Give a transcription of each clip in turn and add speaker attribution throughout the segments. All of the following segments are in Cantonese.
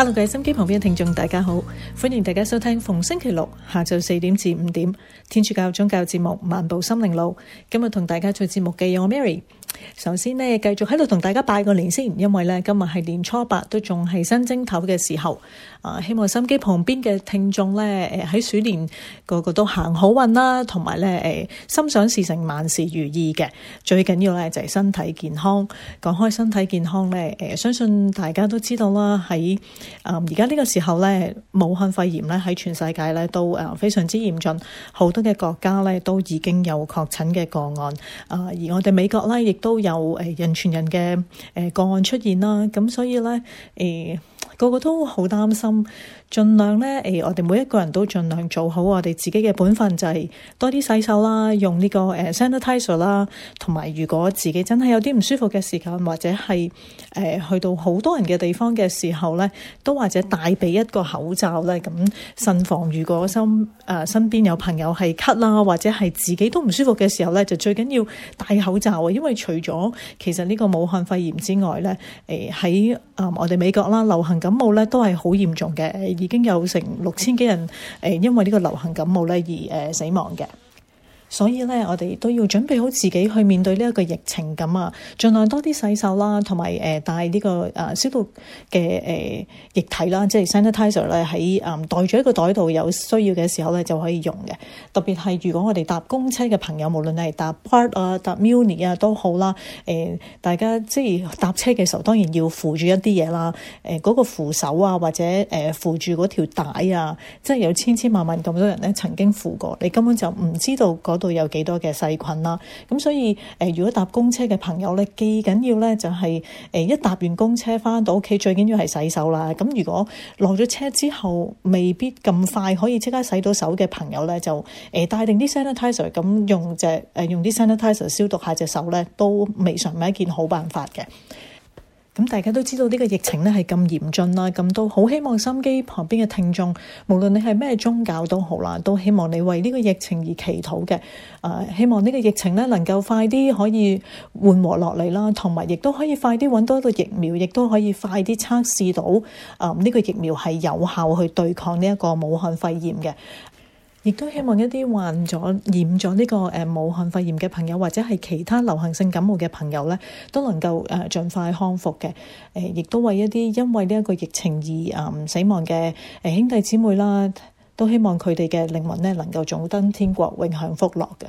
Speaker 1: Hello，各位心機旁邊嘅聽眾，大家好，歡迎大家收聽逢星期六下晝四點至五點天主教宗教節目《漫步心靈路》。今日同大家做節目嘅有 Mary。首先呢，繼續喺度同大家拜個年先，因為呢今日係年初八，都仲係新正頭嘅時候。啊！希望心機旁邊嘅聽眾咧，誒喺鼠年個個都行好運啦，同埋咧誒心想事成，萬事如意嘅。最緊要咧就係、是、身體健康。講開身體健康咧，誒、呃、相信大家都知道啦。喺啊而家呢個時候咧，武漢肺炎咧喺全世界咧都誒、呃、非常之嚴峻，好多嘅國家咧都已經有確診嘅個案。啊、呃，而我哋美國咧亦都有誒、呃、人傳人嘅誒、呃、個案出現啦。咁所以咧誒。呃呃個個都好擔心。儘量咧，誒、哎，我哋每一個人都儘量做好我哋自己嘅本分，就係多啲洗手啦，用呢、這個誒 sanitiser、呃、啦，同埋如果自己真係有啲唔舒服嘅時間，或者係誒、呃、去到好多人嘅地方嘅時候咧，都或者帶備一個口罩咧，咁慎防。如果身誒、呃、身邊有朋友係咳啦，或者係自己都唔舒服嘅時候咧，就最緊要戴口罩啊，因為除咗其實呢個武漢肺炎之外咧，誒喺啊我哋美國啦流行感冒咧都係好嚴重嘅。已經有成六千幾人誒，因為呢個流行感冒咧而誒死亡嘅。所以咧，我哋都要準備好自己去面對呢一個疫情咁啊，儘量多啲洗手啦，同埋誒帶呢、呢個誒、呃、消毒嘅誒、呃、液體啦，即係 sanitizer 咧喺誒袋住一個袋度，有需要嘅時候咧就可以用嘅。特別係如果我哋搭公車嘅朋友，無論你係搭 BART 啊、搭 Muni 啊都好啦，誒、呃、大家即係搭車嘅時候，當然要扶住一啲嘢啦，誒、呃、嗰、嗰個扶手啊，或者誒、呃、扶住嗰條帶啊，即係有千千萬萬咁多人咧曾經扶過，你根本就唔知道、嗰個都有幾多嘅細菌啦，咁所以誒、呃，如果搭公車嘅朋友咧，最緊要咧就係、是、誒、呃，一搭完公車翻到屋企，最緊要係洗手啦。咁如果落咗車之後，未必咁快可以即刻洗到手嘅朋友咧，就誒帶、呃、定啲 sanitizer 咁用隻誒、呃、用啲 sanitizer 消毒下隻手咧，都未嘗唔係一件好辦法嘅。咁大家都知道呢個疫情呢係咁嚴峻啦，咁都好希望心機旁邊嘅聽眾，無論你係咩宗教都好啦，都希望你為呢個疫情而祈禱嘅。誒，希望呢個疫情呢能夠快啲可以緩和落嚟啦，同埋亦都可以快啲揾到一個疫苗，亦都可以快啲測試到誒呢個疫苗係有效去對抗呢一個武漢肺炎嘅。亦都希望一啲患咗染咗呢個誒武漢肺炎嘅朋友，或者係其他流行性感冒嘅朋友咧，都能夠誒盡快康復嘅。誒，亦都為一啲因為呢一個疫情而誒死亡嘅誒兄弟姊妹啦，都希望佢哋嘅靈魂咧能夠早登天國，永享福樂嘅。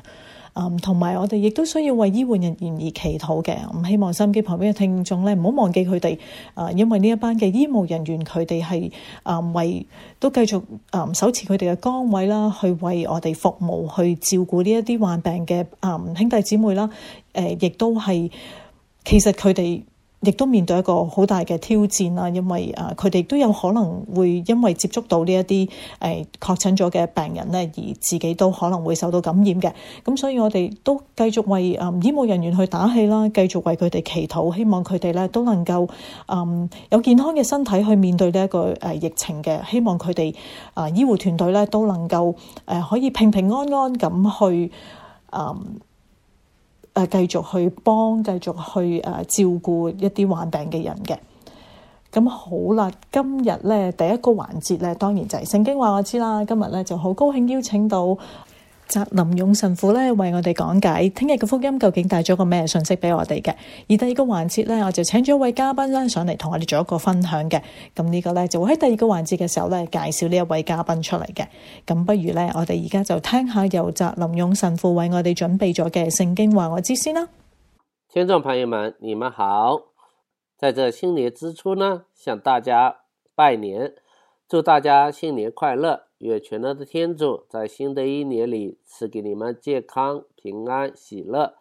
Speaker 1: 同埋、嗯、我哋亦都需要為醫護人員而祈禱嘅、嗯，希望收音機旁邊嘅聽眾咧，唔好忘記佢哋啊，因為呢一班嘅醫務人員佢哋係啊為都繼續啊、呃、守持佢哋嘅崗位啦，去為我哋服務，去照顧呢一啲患病嘅啊、呃、兄弟姊妹啦，誒、呃，亦都係其實佢哋，亦都面對一個好大嘅挑戰啦，因為啊，佢哋都有可能會因為接觸到呢一啲誒確診咗嘅病人咧，而自己都可能會受到感染嘅。咁所以我哋都繼續為啊醫務人員去打氣啦，繼續為佢哋祈禱，希望佢哋咧都能夠嗯有健康嘅身體去面對呢一個誒疫情嘅。希望佢哋啊醫護團隊咧都能夠誒可以平平安安咁去啊。嗯誒繼續去幫，繼續去誒照顧一啲患病嘅人嘅。咁好啦，今日咧第一個環節咧，當然就係聖經話我知啦。今日咧就好高興邀請到，澤林勇神父咧為我哋講解，聽日嘅福音究竟帶咗個咩信息俾我哋嘅？而第二個環節咧，我就請咗一位嘉賓咧上嚟同我哋做一個分享嘅。咁呢個咧就會喺第二個環節嘅時候咧介紹呢一位嘉賓出嚟嘅。咁不如咧，我哋而家就聽下由澤林勇神父為我哋準備咗嘅《聖經話我知》先啦。
Speaker 2: 聽眾朋友們，你們好！在這新年之初呢，向大家拜年，祝大家新年快樂！願全能的天主在新的一年裏賜給你們健康、平安、喜樂。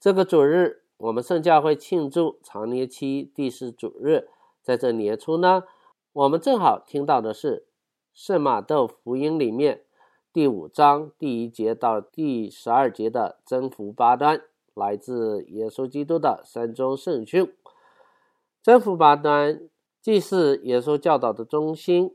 Speaker 2: 這個主日，我們聖教會慶祝常年期第四主日。在這年初呢，我們正好聽到的是聖馬竇福音裏面第五章第一節到第十二節的征服八端，來自耶穌基督的山中聖訓。征服八端既是耶穌教導的中心。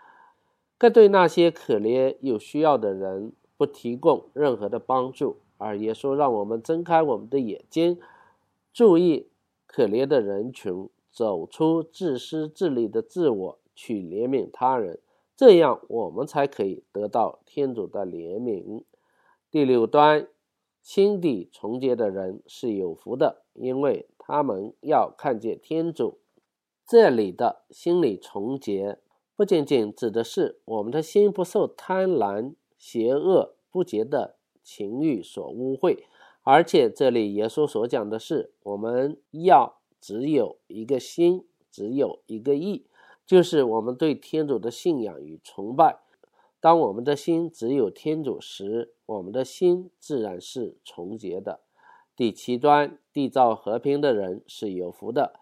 Speaker 2: 更對那些可憐有需要的人不提供任何的幫助，而也說讓我們睜開我們的眼睛，注意可憐的人群，走出自私自利的自我，去憐憫他人，這樣我們才可以得到天主的憐憫。第六端，心地純潔的人是有福的，因為他們要看見天主。這裏的心理純潔。不僅僅指的是我們的心不受貪婪、邪惡、不潔的情欲所污穢，而且這裏耶穌所講的是，我們要只有一個心，只有一個意，就是我們對天主的信仰與崇拜。當我們的心只有天主時，我們的心自然是純潔的。第七端，締造和平的人是有福的，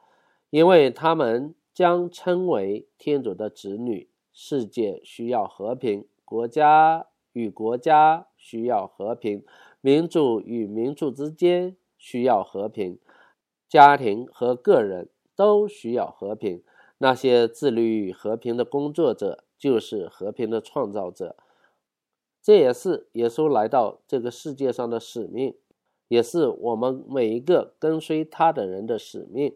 Speaker 2: 因為他們，將稱為天主的子女。世界需要和平，國家與國家需要和平，民族與民族之間需要和平，家庭和個人都需要和平。那些致力於和平的工作者就是和平的創造者。這也是耶穌來到這個世界上的使命，也是我們每一個跟隨他的人的使命。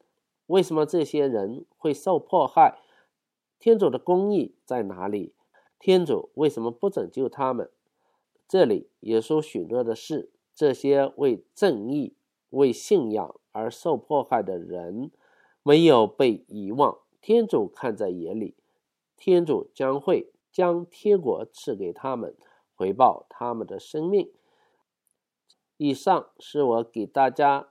Speaker 2: 為什麼這些人會受迫害？天主的公義在哪裏？天主為什麼不拯救他們？這裏耶穌許諾的是，這些為正義、為信仰而受迫害的人沒有被遺忘，天主看在眼裏，天主將會將天國賜給他們，回報他們的生命。以上是我給大家。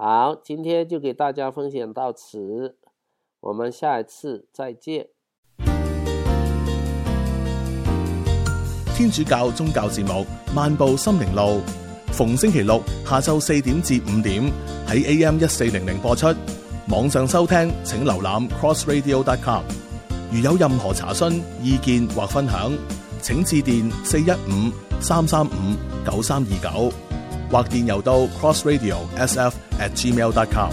Speaker 2: 好，今天就給大家分享到此，我們下一次再見。天主
Speaker 1: 教宗教節目《漫步心靈路》，逢星期六下晝四點至五點喺 AM 一四零零播出，網上收聽請瀏覽，請瀏覽 crossradio.com。如有任何查詢、意見或分享，請致電四一五三三五九三二九。或電郵到 crossradio.sf@gmail.com。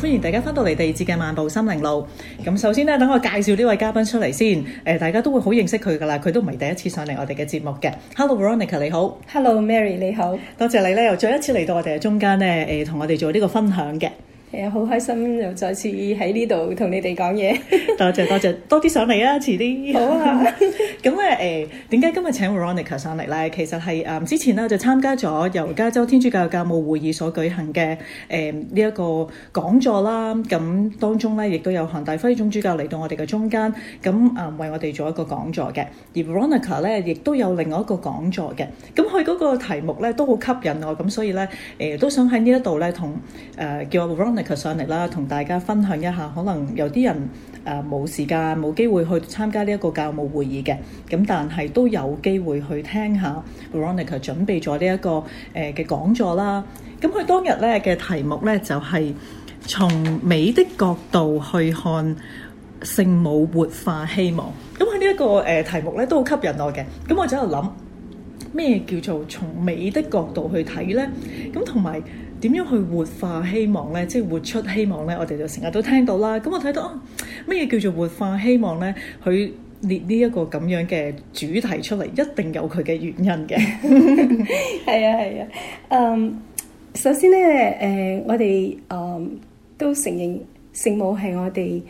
Speaker 1: 歡迎大家翻到嚟地二節嘅漫步心靈路。咁首先咧，等我介紹呢位嘉賓出嚟先。誒、呃，大家都會好認識佢噶啦，佢都唔係第一次上嚟我哋嘅節目嘅。Hello Veronica，你好。Hello Mary，你好。多謝你咧，又再一次嚟到我哋嘅中間咧，誒、呃，同我哋做呢個分享嘅。
Speaker 3: 誒好、嗯、開心又再次喺呢度同你哋講嘢，
Speaker 1: 多 謝多謝，多啲上嚟啊！遲啲好啊！咁咧誒，點、欸、解今日請 Veronica 上嚟咧？其實係誒、嗯、之前咧就參加咗由加州天主教教務會,會議所舉行嘅誒呢一個講座啦。咁當中咧亦都有韓大輝總主教嚟到我哋嘅中間，咁、嗯、啊為我哋做一個講座嘅。而 Veronica 咧亦都有另外一個講座嘅。咁佢嗰個題目咧都好吸引我，咁所以咧誒、欸、都想喺呢一度咧同誒叫我 Veronica。上嚟啦，同大家分享一下，可能有啲人誒冇、呃、時間冇機會去參加呢一個教務會議嘅，咁但係都有機會去聽下 Veronica 準備咗呢一個誒嘅講座啦。咁、嗯、佢當日咧嘅題目咧就係、是、從美的角度去看聖母活化希望。咁喺呢一個誒、呃、題目咧都好吸引我嘅。咁、嗯、我就喺度諗咩叫做從美的角度去睇咧？咁同埋。點樣去活化希望呢？即係活出希望呢？我哋就成日都聽到啦。咁我睇到啊，乜嘢叫做活化希望呢？佢列呢一個咁樣嘅主題出嚟，一定有佢嘅原因嘅。
Speaker 3: 係啊，係啊。嗯，首先呢，誒，我哋嗯都承認聖母係我哋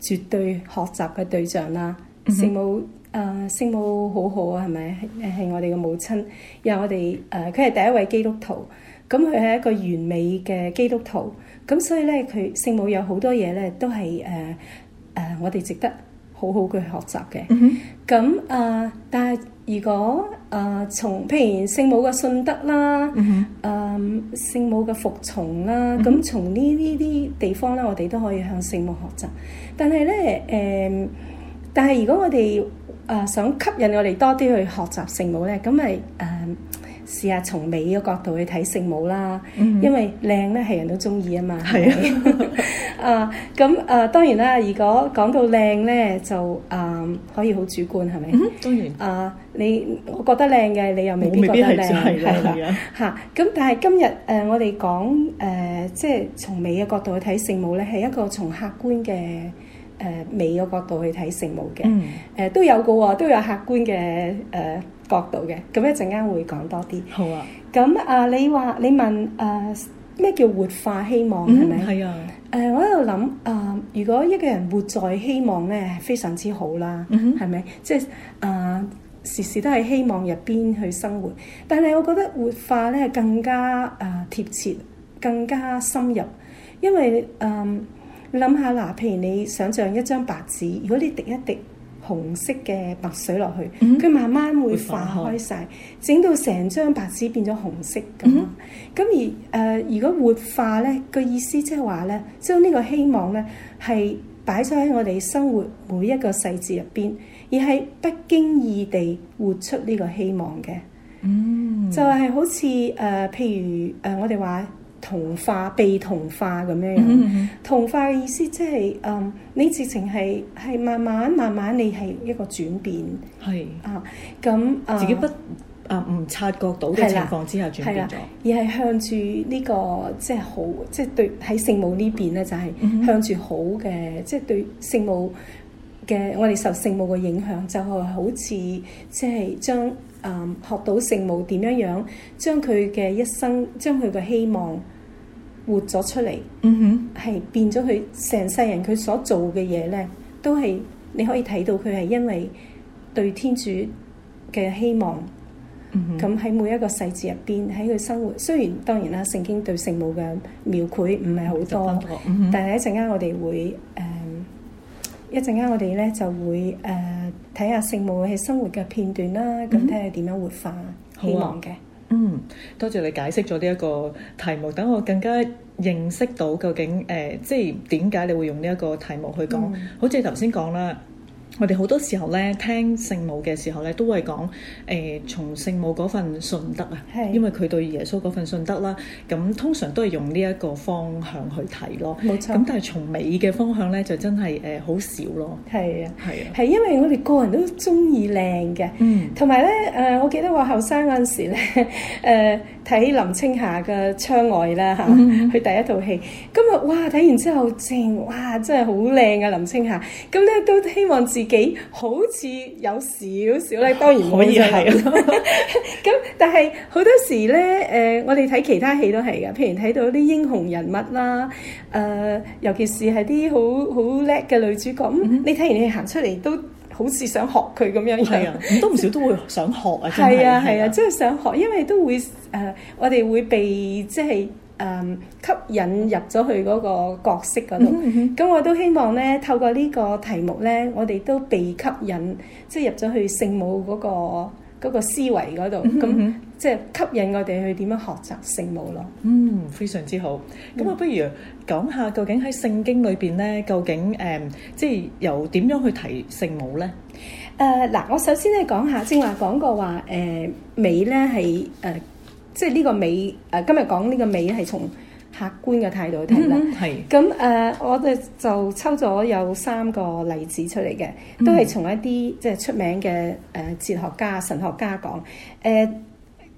Speaker 3: 絕對學習嘅對象啦。聖母誒，聖母好好啊，係咪？係我哋嘅母親，又我哋誒，佢係第一位基督徒。咁佢係一個完美嘅基督徒，咁所以咧，佢聖母有好多嘢咧，都係誒誒，我哋值得好好去學習嘅。咁啊，但係如果啊，從譬如聖母嘅信德啦，誒聖母嘅服從啦，咁從呢呢啲地方咧，我哋都可以向聖母學習。但係咧，誒，但係如果我哋啊想吸引我哋多啲去學習聖母咧，咁咪誒。試下從美嘅角度去睇聖母啦，因為靚咧係人都中意啊嘛。係啊，啊咁啊當然啦，如果講到靚咧就啊可以好主觀係咪？當然啊，你我覺得靚嘅你又未必覺得靚係啦。
Speaker 4: 嚇，
Speaker 3: 咁但係今日誒我哋講誒即係從美嘅角度去睇聖母咧，係一個從客觀嘅誒美嘅角度去睇聖母嘅。嗯。誒都有個喎，都有客觀嘅誒。角度嘅，咁一陣間會講多啲。好啊。咁啊，你話你問啊，咩叫活化希望係咪？嗯。係啊。誒，我喺度諗啊，如果一個人活在希望咧，非常之好啦，係咪？嗯哼。即係、即係、啊，時時都係希望入邊去生活。但係我覺得活化咧更加啊貼切，更加深入。因為啊，你諗下嗱，譬如你想像一張白紙，如果你滴一滴。紅色嘅白水落去，佢、mm hmm。慢慢會化開晒，整到成張白紙變咗紅色咁。咁、mm hmm。而誒、呃，如果活化呢個意思即係話呢，將呢個希望呢，係擺咗喺我哋生活每一個細節入邊，而係不經意地活出呢個希望嘅。Mm
Speaker 4: hmm。
Speaker 3: 就係好似誒、呃，譬如誒、呃，我哋話。同化、被同化咁樣樣，嗯嗯嗯，同化嘅意思即係誒，你直情係係慢慢慢慢，慢慢你係一個轉變，係是啊，咁、
Speaker 1: 嗯、自己不啊唔察覺到嘅情況之下轉變
Speaker 3: 咗，而係向住呢、這個即係、就是、好，即、就、係、是、對喺聖母呢邊咧，嗯嗯就係向住好嘅，即係對聖母嘅，我哋受聖母嘅影響就就，就係好似即係將誒學到聖母點樣樣，將佢嘅一生，將佢嘅希望。嗯活咗出嚟，係、mm hmm. 變咗佢成世人佢所做嘅嘢咧，都係你可以睇到佢係因為對天主嘅希望。咁喺、mm hmm. 每一個細節入邊，喺佢生活，雖然當然啦，聖經對聖母嘅描繪唔係好多，mm hmm. 但係一陣間我哋會誒、呃，一陣間我哋咧就會誒睇下聖母喺生活嘅片段啦，咁睇下點樣活化、mm hmm. 希望
Speaker 1: 嘅。嗯，多謝你解釋咗呢一個題目，等我更加認識到究竟誒、呃，即係點解你會用呢一個題目去講？嗯、好似頭先講啦。我哋好多時候咧聽聖母嘅時候咧，都會講誒從聖母嗰份信德啊，是因為佢對耶穌嗰份信德啦。咁通常都係用呢一個方向去睇咯。冇錯錯。咁但係從美嘅方向咧，就真係誒、呃、好少咯。係啊，係啊。
Speaker 3: 係因為我哋個人都中意靚嘅。嗯。同埋咧，誒、呃、我記得我後生嗰陣時咧，誒、呃、睇林青霞嘅窗外啦，嚇，佢，啊嗯嗯、第一套戲。今日，哇睇完之後，正哇，真係好靚啊，林青霞。咁咧都希望自幾好似有少少咧，當然可以係咁的的 但係好多時咧，誒、呃、我哋睇其他戲都係㗎，譬如睇到啲英雄人物啦，誒、呃、尤其是係啲好好叻嘅女主角，嗯、你睇完你行出嚟都好似想學佢咁樣嘅，
Speaker 1: 都唔少都會想學啊！真係啊係啊，
Speaker 3: 即係想學，因為都會誒、呃，我哋會被即係。誒，吸引入咗去嗰個角色嗰度，咁我都希望咧透過呢個題目咧，我哋都被吸引，即係入咗去聖母嗰個嗰個思維嗰度，咁即係吸引我哋去點樣學習聖母
Speaker 1: 咯。嗯，非常之好。咁啊，我不如講下究竟喺聖經裏邊咧，究竟誒即係由點樣去提聖母咧？
Speaker 3: 誒嗱，我首先咧講下，正話講過話誒美咧係誒。即係呢個美，誒今日講呢個美係從客觀嘅態度嚟睇啦。係咁誒，我哋就抽咗有三個例子出嚟嘅，都係從一啲即係出名嘅誒哲學家、神學家講、嗯嗯。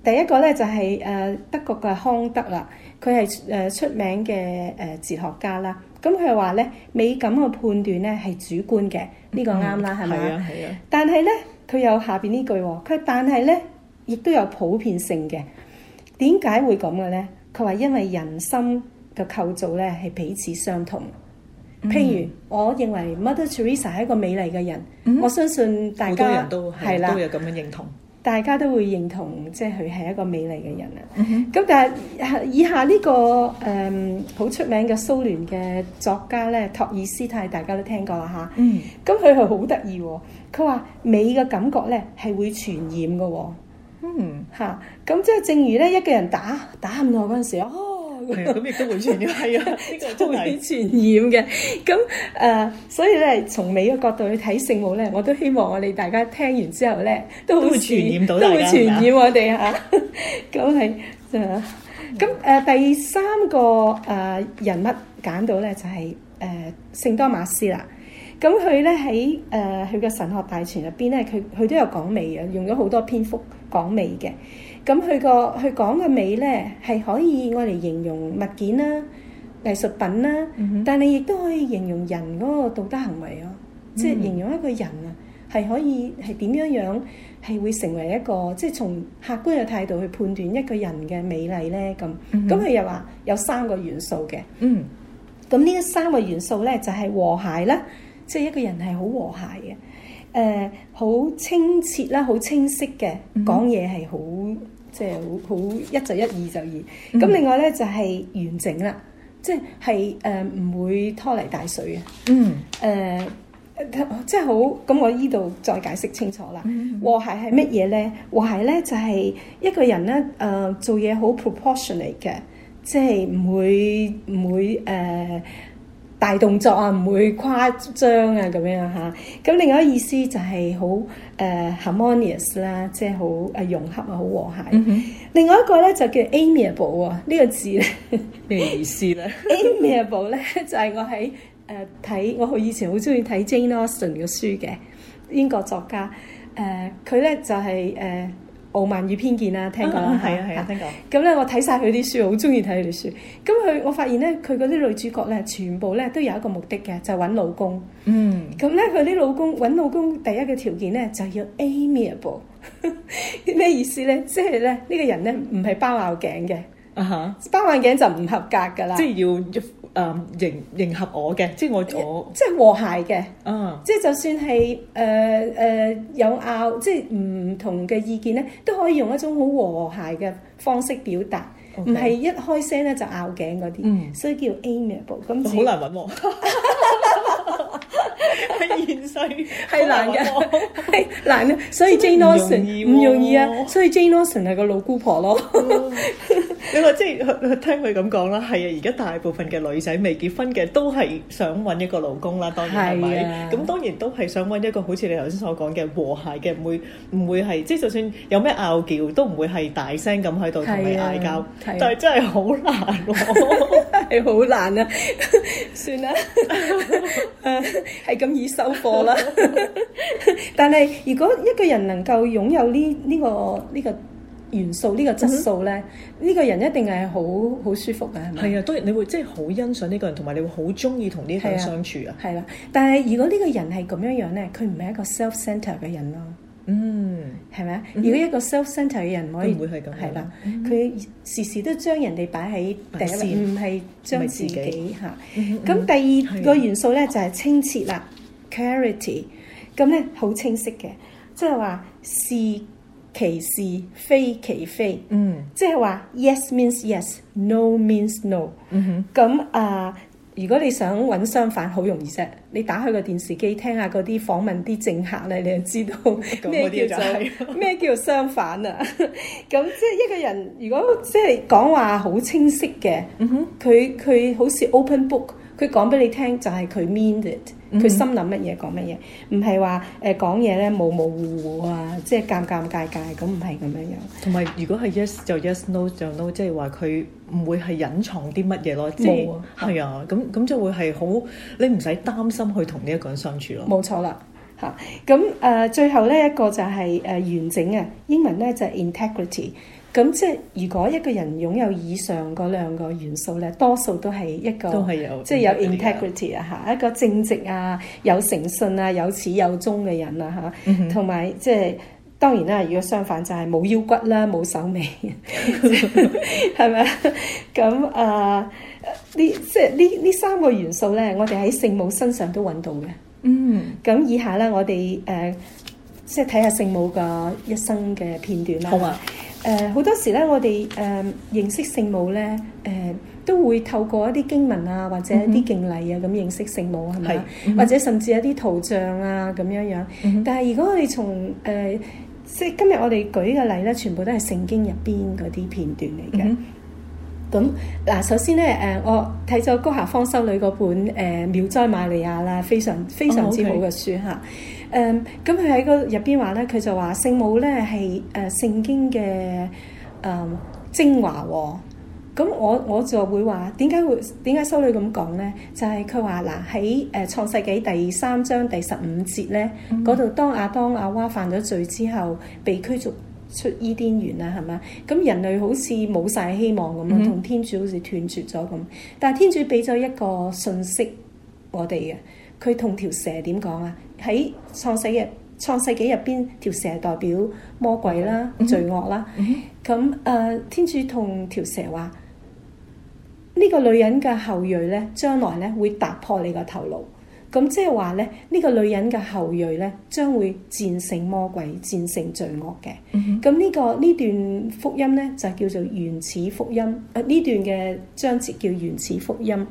Speaker 3: 誒第一個咧就係誒德國嘅康德啦，佢係誒出名嘅誒哲學家啦。咁佢話咧，美感嘅判斷咧係主觀嘅，呢個啱啦，係咪吧？係啊。啊、但係咧，佢有下邊呢句喎，佢但係咧，亦都有普遍性嘅。點解會咁嘅咧？佢話因為人心嘅構造咧係彼此相同。Mm hmm. 譬如我認為 Mother Teresa 係一個美麗嘅人，mm hmm. 我相信大家都係啦，都有咁嘅認同，大家都會認同即係佢係一個美麗嘅人啊。咁、mm hmm. 但係以下呢、這個誒好、嗯、出名嘅蘇聯嘅作家咧，托爾斯泰大家都聽過啦吓。咁佢係好得意，佢話、mm hmm. 美嘅感覺咧係會傳染嘅。嗯嚇，咁即係正如咧，一個人打打唔耐嗰陣時，哦，咁亦都會傳染，係啊，呢個都會傳染嘅。咁誒，所以咧，從美嘅角度去睇聖母咧，我都希望我哋大家聽完之後咧，
Speaker 1: 都會傳染到大家，都會傳染
Speaker 3: 我哋嚇。咁係，係 啊。咁誒、呃、第三個誒、呃、人物揀到咧就係誒聖多馬斯啦。咁佢咧喺誒佢嘅神學大全入邊咧，佢佢都有講美嘅，用咗好多篇幅講美嘅。咁佢個佢講嘅美咧，係可以用嚟形容物件啦、藝術品啦，嗯、哼但你亦都可以形容人嗰個道德行為咯，即係形容一個人啊，係可以係點樣樣係會成為一個，即、就、係、是、從客觀嘅態度去判斷一個人嘅美麗咧。咁咁佢又話有三個元素嘅，嗯哼，咁呢三個元素咧就係、是、和諧啦。即係一個人係好和諧嘅，誒、呃、好清澈啦，好清晰嘅，講嘢係好即係好好一就一，二就二。咁、mm hmm. 另外咧就係、是、完整啦，即係誒唔會拖泥帶水
Speaker 1: 嘅。
Speaker 3: 嗯誒、mm hmm. 呃，即係好咁，我呢度再解釋清楚啦。Mm hmm. 和諧係乜嘢咧？Mm hmm. 和諧咧就係、是、一個人咧，誒、呃、做嘢好 proportionate 嘅，即係唔會唔會誒。Mm hmm. 大動作啊，唔會誇張啊，咁樣嚇。咁另外一個意思就係好誒 harmonious 啦，即係好誒融洽啊，好和諧。另外一個咧就叫 amiable 喎、啊，呢、這個
Speaker 1: 字咧咩意思咧
Speaker 3: ？amiable 咧就係、是、我喺誒睇我好以前好中意睇 Jane Austen 嘅書嘅英國作家誒，佢、呃、咧就係、是、誒。呃傲慢與偏見啦，聽講，係啊係啊，啊，聽講。咁咧、嗯，我睇晒佢啲書，好中意睇佢啲書。咁佢，我發現咧，佢嗰啲女主角咧，全部咧都有一個目的嘅，就揾、是、老公。嗯。咁咧，佢啲老公揾老公第一個條件咧，就要 amiable。咩 意思咧？即係咧，呢、這個人咧唔係包咬頸嘅。啊哈、嗯。包咬頸就唔合格㗎啦。即係
Speaker 1: 要。誒，um, 迎迎合我嘅，即係我我
Speaker 3: 即係和諧嘅，嗯、啊呃呃，即係就算係誒誒有拗，即係唔同嘅意見咧，都可以用一種好和諧嘅方式表達，唔係 Okay. 一開聲咧就拗頸嗰啲，嗯、所以叫 amiable。咁好難揾我。 係現實，係難嘅，係難嘅，所以 Jenison 唔容易啊，所以 Jenison 係個老姑婆咯。
Speaker 1: 你話即係聽佢咁講啦，係啊，而家大部分嘅女仔未結婚嘅都係想揾一個老公啦，當然係咪？咁當然都係想揾一個好似你頭先所講嘅和諧嘅，唔會唔會係即係，就算有咩拗撬都唔會係大聲咁喺度同你嗌交，但係真係好難咯，係好難啊，
Speaker 3: 算啦，係。咁已收貨啦！ 但係如果一個人能夠擁有呢呢、這個呢、這個元素、這個、質素呢個質素咧，呢、嗯、哼個人一定係好好舒服嘅，係咪？
Speaker 1: 係啊，當然你會即係好欣賞呢個人，同埋你會好中意同呢個人相處啊！係
Speaker 3: 啦、啊，但係如果呢個人係咁樣樣咧，佢唔係一個 self center 嘅人咯。嗯，係咪啊？如果一個 self-centered 嘅人，唔可以唔會係咁係啦。佢時時都將人哋擺喺第一位，唔係將自己嚇。咁第二個元素咧就係清澈啦 clarity。咁咧好清晰嘅，即係話是其是，非其非。嗯，即係話 yes means yes，no means no。嗯咁啊。如果你想揾相反好容易啫，你打開個電視機聽下嗰啲訪問啲政客咧，你就知道咩叫做，嗯哼，咩叫做相反啊？咁即係一個人如果即係講話好清晰嘅，嗯哼，佢佢好似 open book，佢講俾你聽就係佢 mean it。佢、嗯、心諗乜嘢講乜嘢，唔係、呃、話誒講嘢咧模模糊糊啊，即係尷
Speaker 1: 尷尬尬咁，唔係咁樣樣。同埋如果係 yes 就 yes，no 就 no，即係話佢唔會係隱藏啲乜嘢咯，即係係啊，咁咁、啊、就會係好，你唔使擔心去同呢一個人相處咯。冇錯啦，嚇、啊！
Speaker 3: 咁誒、呃、最後咧一個就係誒完整啊，英文咧就係、integrity。咁即係如果一個人擁有以上嗰兩個元素咧，多數都係一個，都係有即係有 integrity 啊，嚇、啊、一個正直啊，有誠信啊，有始有終嘅人啊，嚇、啊。同埋即係當然啦，如果相反就係冇腰骨啦，冇手尾，係咪？ 咁啊，呢即係呢呢三個元素咧，我哋喺聖母身上都揾到嘅。嗯。咁以下咧，我哋誒即係睇下聖母嘅一生嘅片段啦。好啊。誒好、呃、多時咧，我哋誒、呃、認識聖母咧，誒、呃、都會透過一啲經文啊，或者一啲敬禮啊，咁認識聖母係咪？嗯、或者甚至一啲圖像啊，咁樣樣。嗯、哼但係如果我哋從誒、呃，即係今日我哋舉嘅例咧，全部都係聖經入邊嗰啲片段嚟嘅。咁嗱、嗯哼，首先咧，誒我睇咗高霞方修女嗰本誒《妙哉瑪利亞》啦，非常非常之好嘅書嚇。Oh, okay. 誒，咁佢喺個入邊話咧，佢就話聖母咧係誒聖經嘅誒、呃、精華喎、哦。咁、嗯嗯、我我就會話點解會點解修女咁講咧？就係佢話嗱喺誒創世紀第三章第十五節咧嗰度，嗯、當亞當亞娃犯咗罪之後，被驅逐出伊甸園啦，係嘛？咁人類好似冇晒希望咁樣，同天主好似斷絕咗咁、嗯嗯。但係天主俾咗一個信息我哋嘅。佢同條蛇點講啊？喺創世日、創世紀入邊，條蛇代表魔鬼啦、 罪惡啦。咁誒、 呃，天主同條蛇話：呢、這個女人嘅後裔咧，將來咧會打破你個頭顱。咁即係話咧，呢、這個女人嘅後裔咧，將會戰勝魔鬼、戰勝罪惡嘅。咁呢、 這個呢段福音咧，就叫做原始福音。呢、呃、段嘅章節叫原始福音。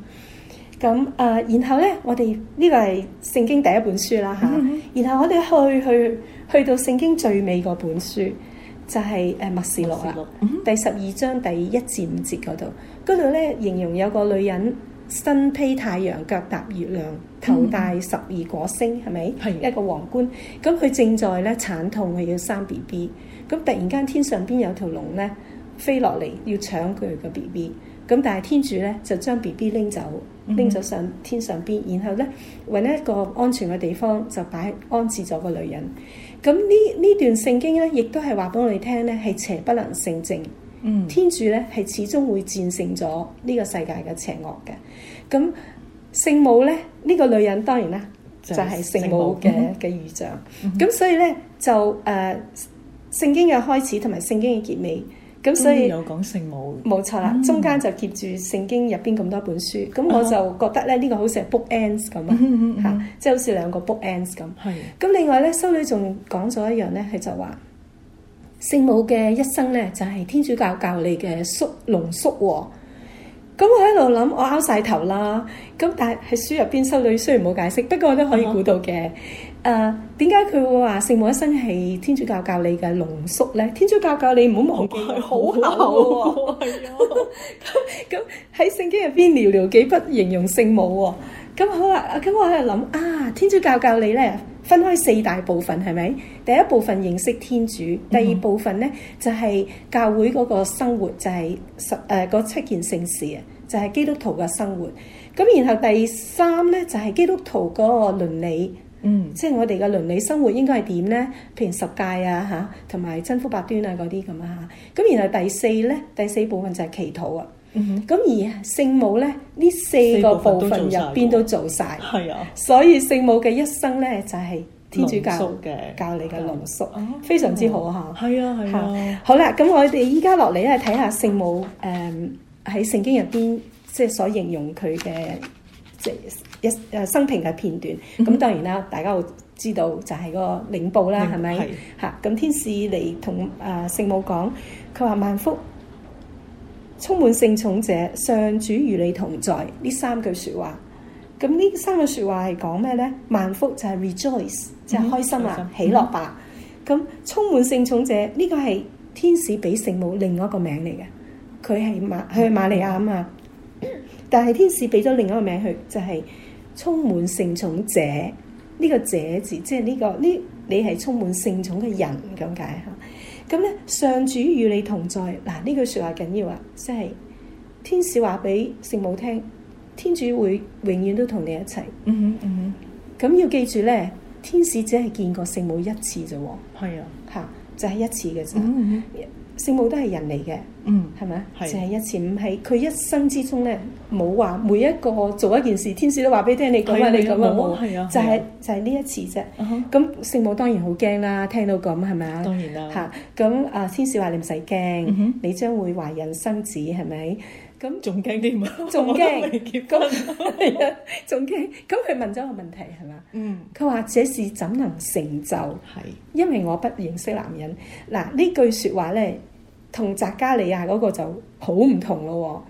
Speaker 3: 咁誒，然後咧，我哋呢個係聖經第一本書啦嚇。然後我哋去去去到聖經最尾嗰本書，就係、是、誒《默示錄》啊，嗯、第十二章第一至五節嗰度嗰度咧，形容有個女人身披太陽，腳踏月亮，頭戴十二果星，係咪係一個皇冠？咁佢正在咧慘痛，佢要生 B B。咁突然間天上邊有條龍咧飛落嚟，要搶佢個 B B。咁但係天主咧就將 B B 拎走。拎咗上天上邊，然後呢，揾一個安全嘅地方就擺安置咗個女人。咁呢呢段聖經呢，亦都係話俾我哋聽呢係邪不能勝正。嗯，天主呢，係始終會戰勝咗呢個世界嘅邪惡嘅。咁聖母呢，呢、呢個女人當然啦，就係聖母嘅嘅預象。咁所以呢，就誒、呃，聖經嘅開始同埋聖經嘅結尾。咁所以有講聖母，冇錯啦。嗯、中間就夾住聖經入邊咁多本書，咁、嗯、我就覺得咧呢、呢個好似 book ends 咁啊，嚇、嗯嗯嗯啊，即係、好似兩個 book ends 咁。咁係另外咧，修女仲講咗一樣咧，佢就話聖母嘅一生咧就係、係、天主教教理嘅縮濃縮喎、哦。咁我喺度諗，我拗晒頭啦。咁但係書入邊修女雖然冇解釋，不過我都可以估到嘅。誒點解佢會話聖母一生係天主教教理嘅濃縮咧？天主教教理唔好忘記，好厚喎。咁喺聖經入邊寥寥幾筆形容聖母喎、啊。咁 好啦，咁我喺度諗啊，天主教教，教理咧。分開四大部分係咪？第一部分認識天主，第二部分呢就係、是、教會嗰個生活，就係、是、十、呃、七件聖事就係、是、基督徒嘅生活。咁然後第三呢，就係、是、基督徒嗰個倫理，嗯，即係我哋嘅倫理生活應該係點呢？譬如十戒啊，嚇，同埋真福百端啊嗰啲咁啊。咁然後第四呢，第四部分就係祈禱啊。嗯，咁而聖母咧，呢四個部分入邊都做曬，係啊，所以聖母嘅一生咧就係天主教教理嘅濃縮，非常之好嚇。係啊，係啊，好啦，咁我哋依家落嚟咧睇下聖母誒喺聖經入邊即係所形容佢嘅即係一誒生平嘅片段。咁當然啦，大家會知道就係個領報啦，係咪？嚇咁天使嚟同啊聖母講，佢話萬福。充滿聖寵者，上主與你同在。呢三句說話，咁呢三句說話係講咩呢？萬福就係 rejoice，、嗯嗯、即係開心啊，心喜樂吧。咁、嗯嗯、充滿聖寵者，呢、這個係天使俾聖母另外一個名嚟嘅，佢係馬，佢係瑪利亞啊嘛。但係天使俾咗另一個名佢、嗯嗯，就係、是、充滿聖寵者。呢、這個者字，即係呢、這個呢，你係充滿聖寵嘅人咁解、這個咁呢，嗯嗯、上主與你同在，嗱，呢句説話緊要啊！即係天使話畀聖母聽，天主會永遠都同你一齊、嗯。嗯哼嗯哼，咁要記住呢，天使只係見過聖母一次啫喎。係、嗯、哼啊，嚇就係、是、一次嘅啫。嗯聖母都係人嚟嘅，係咪啊？淨係一次，唔係佢一生之中咧，冇話每一個做一件事，天使都話俾你聽，你咁啊，你咁啊，啊就係、係啊啊、就係、係、呢、就係、一次啫。咁聖、嗯、母當然好驚啦，聽到咁係咪啊？當然啦，吓，咁啊，天使話你唔使驚，嗯、你將會懷孕生子，係咪？咁仲驚啲乜？仲驚結婚？係啊、嗯，仲驚？ 咁佢問咗個問題係嘛？嗯。佢話這事怎能成就？係是。因為我不認識男人。嗱，呢句說話咧，同匝加利亞嗰個就好唔同咯。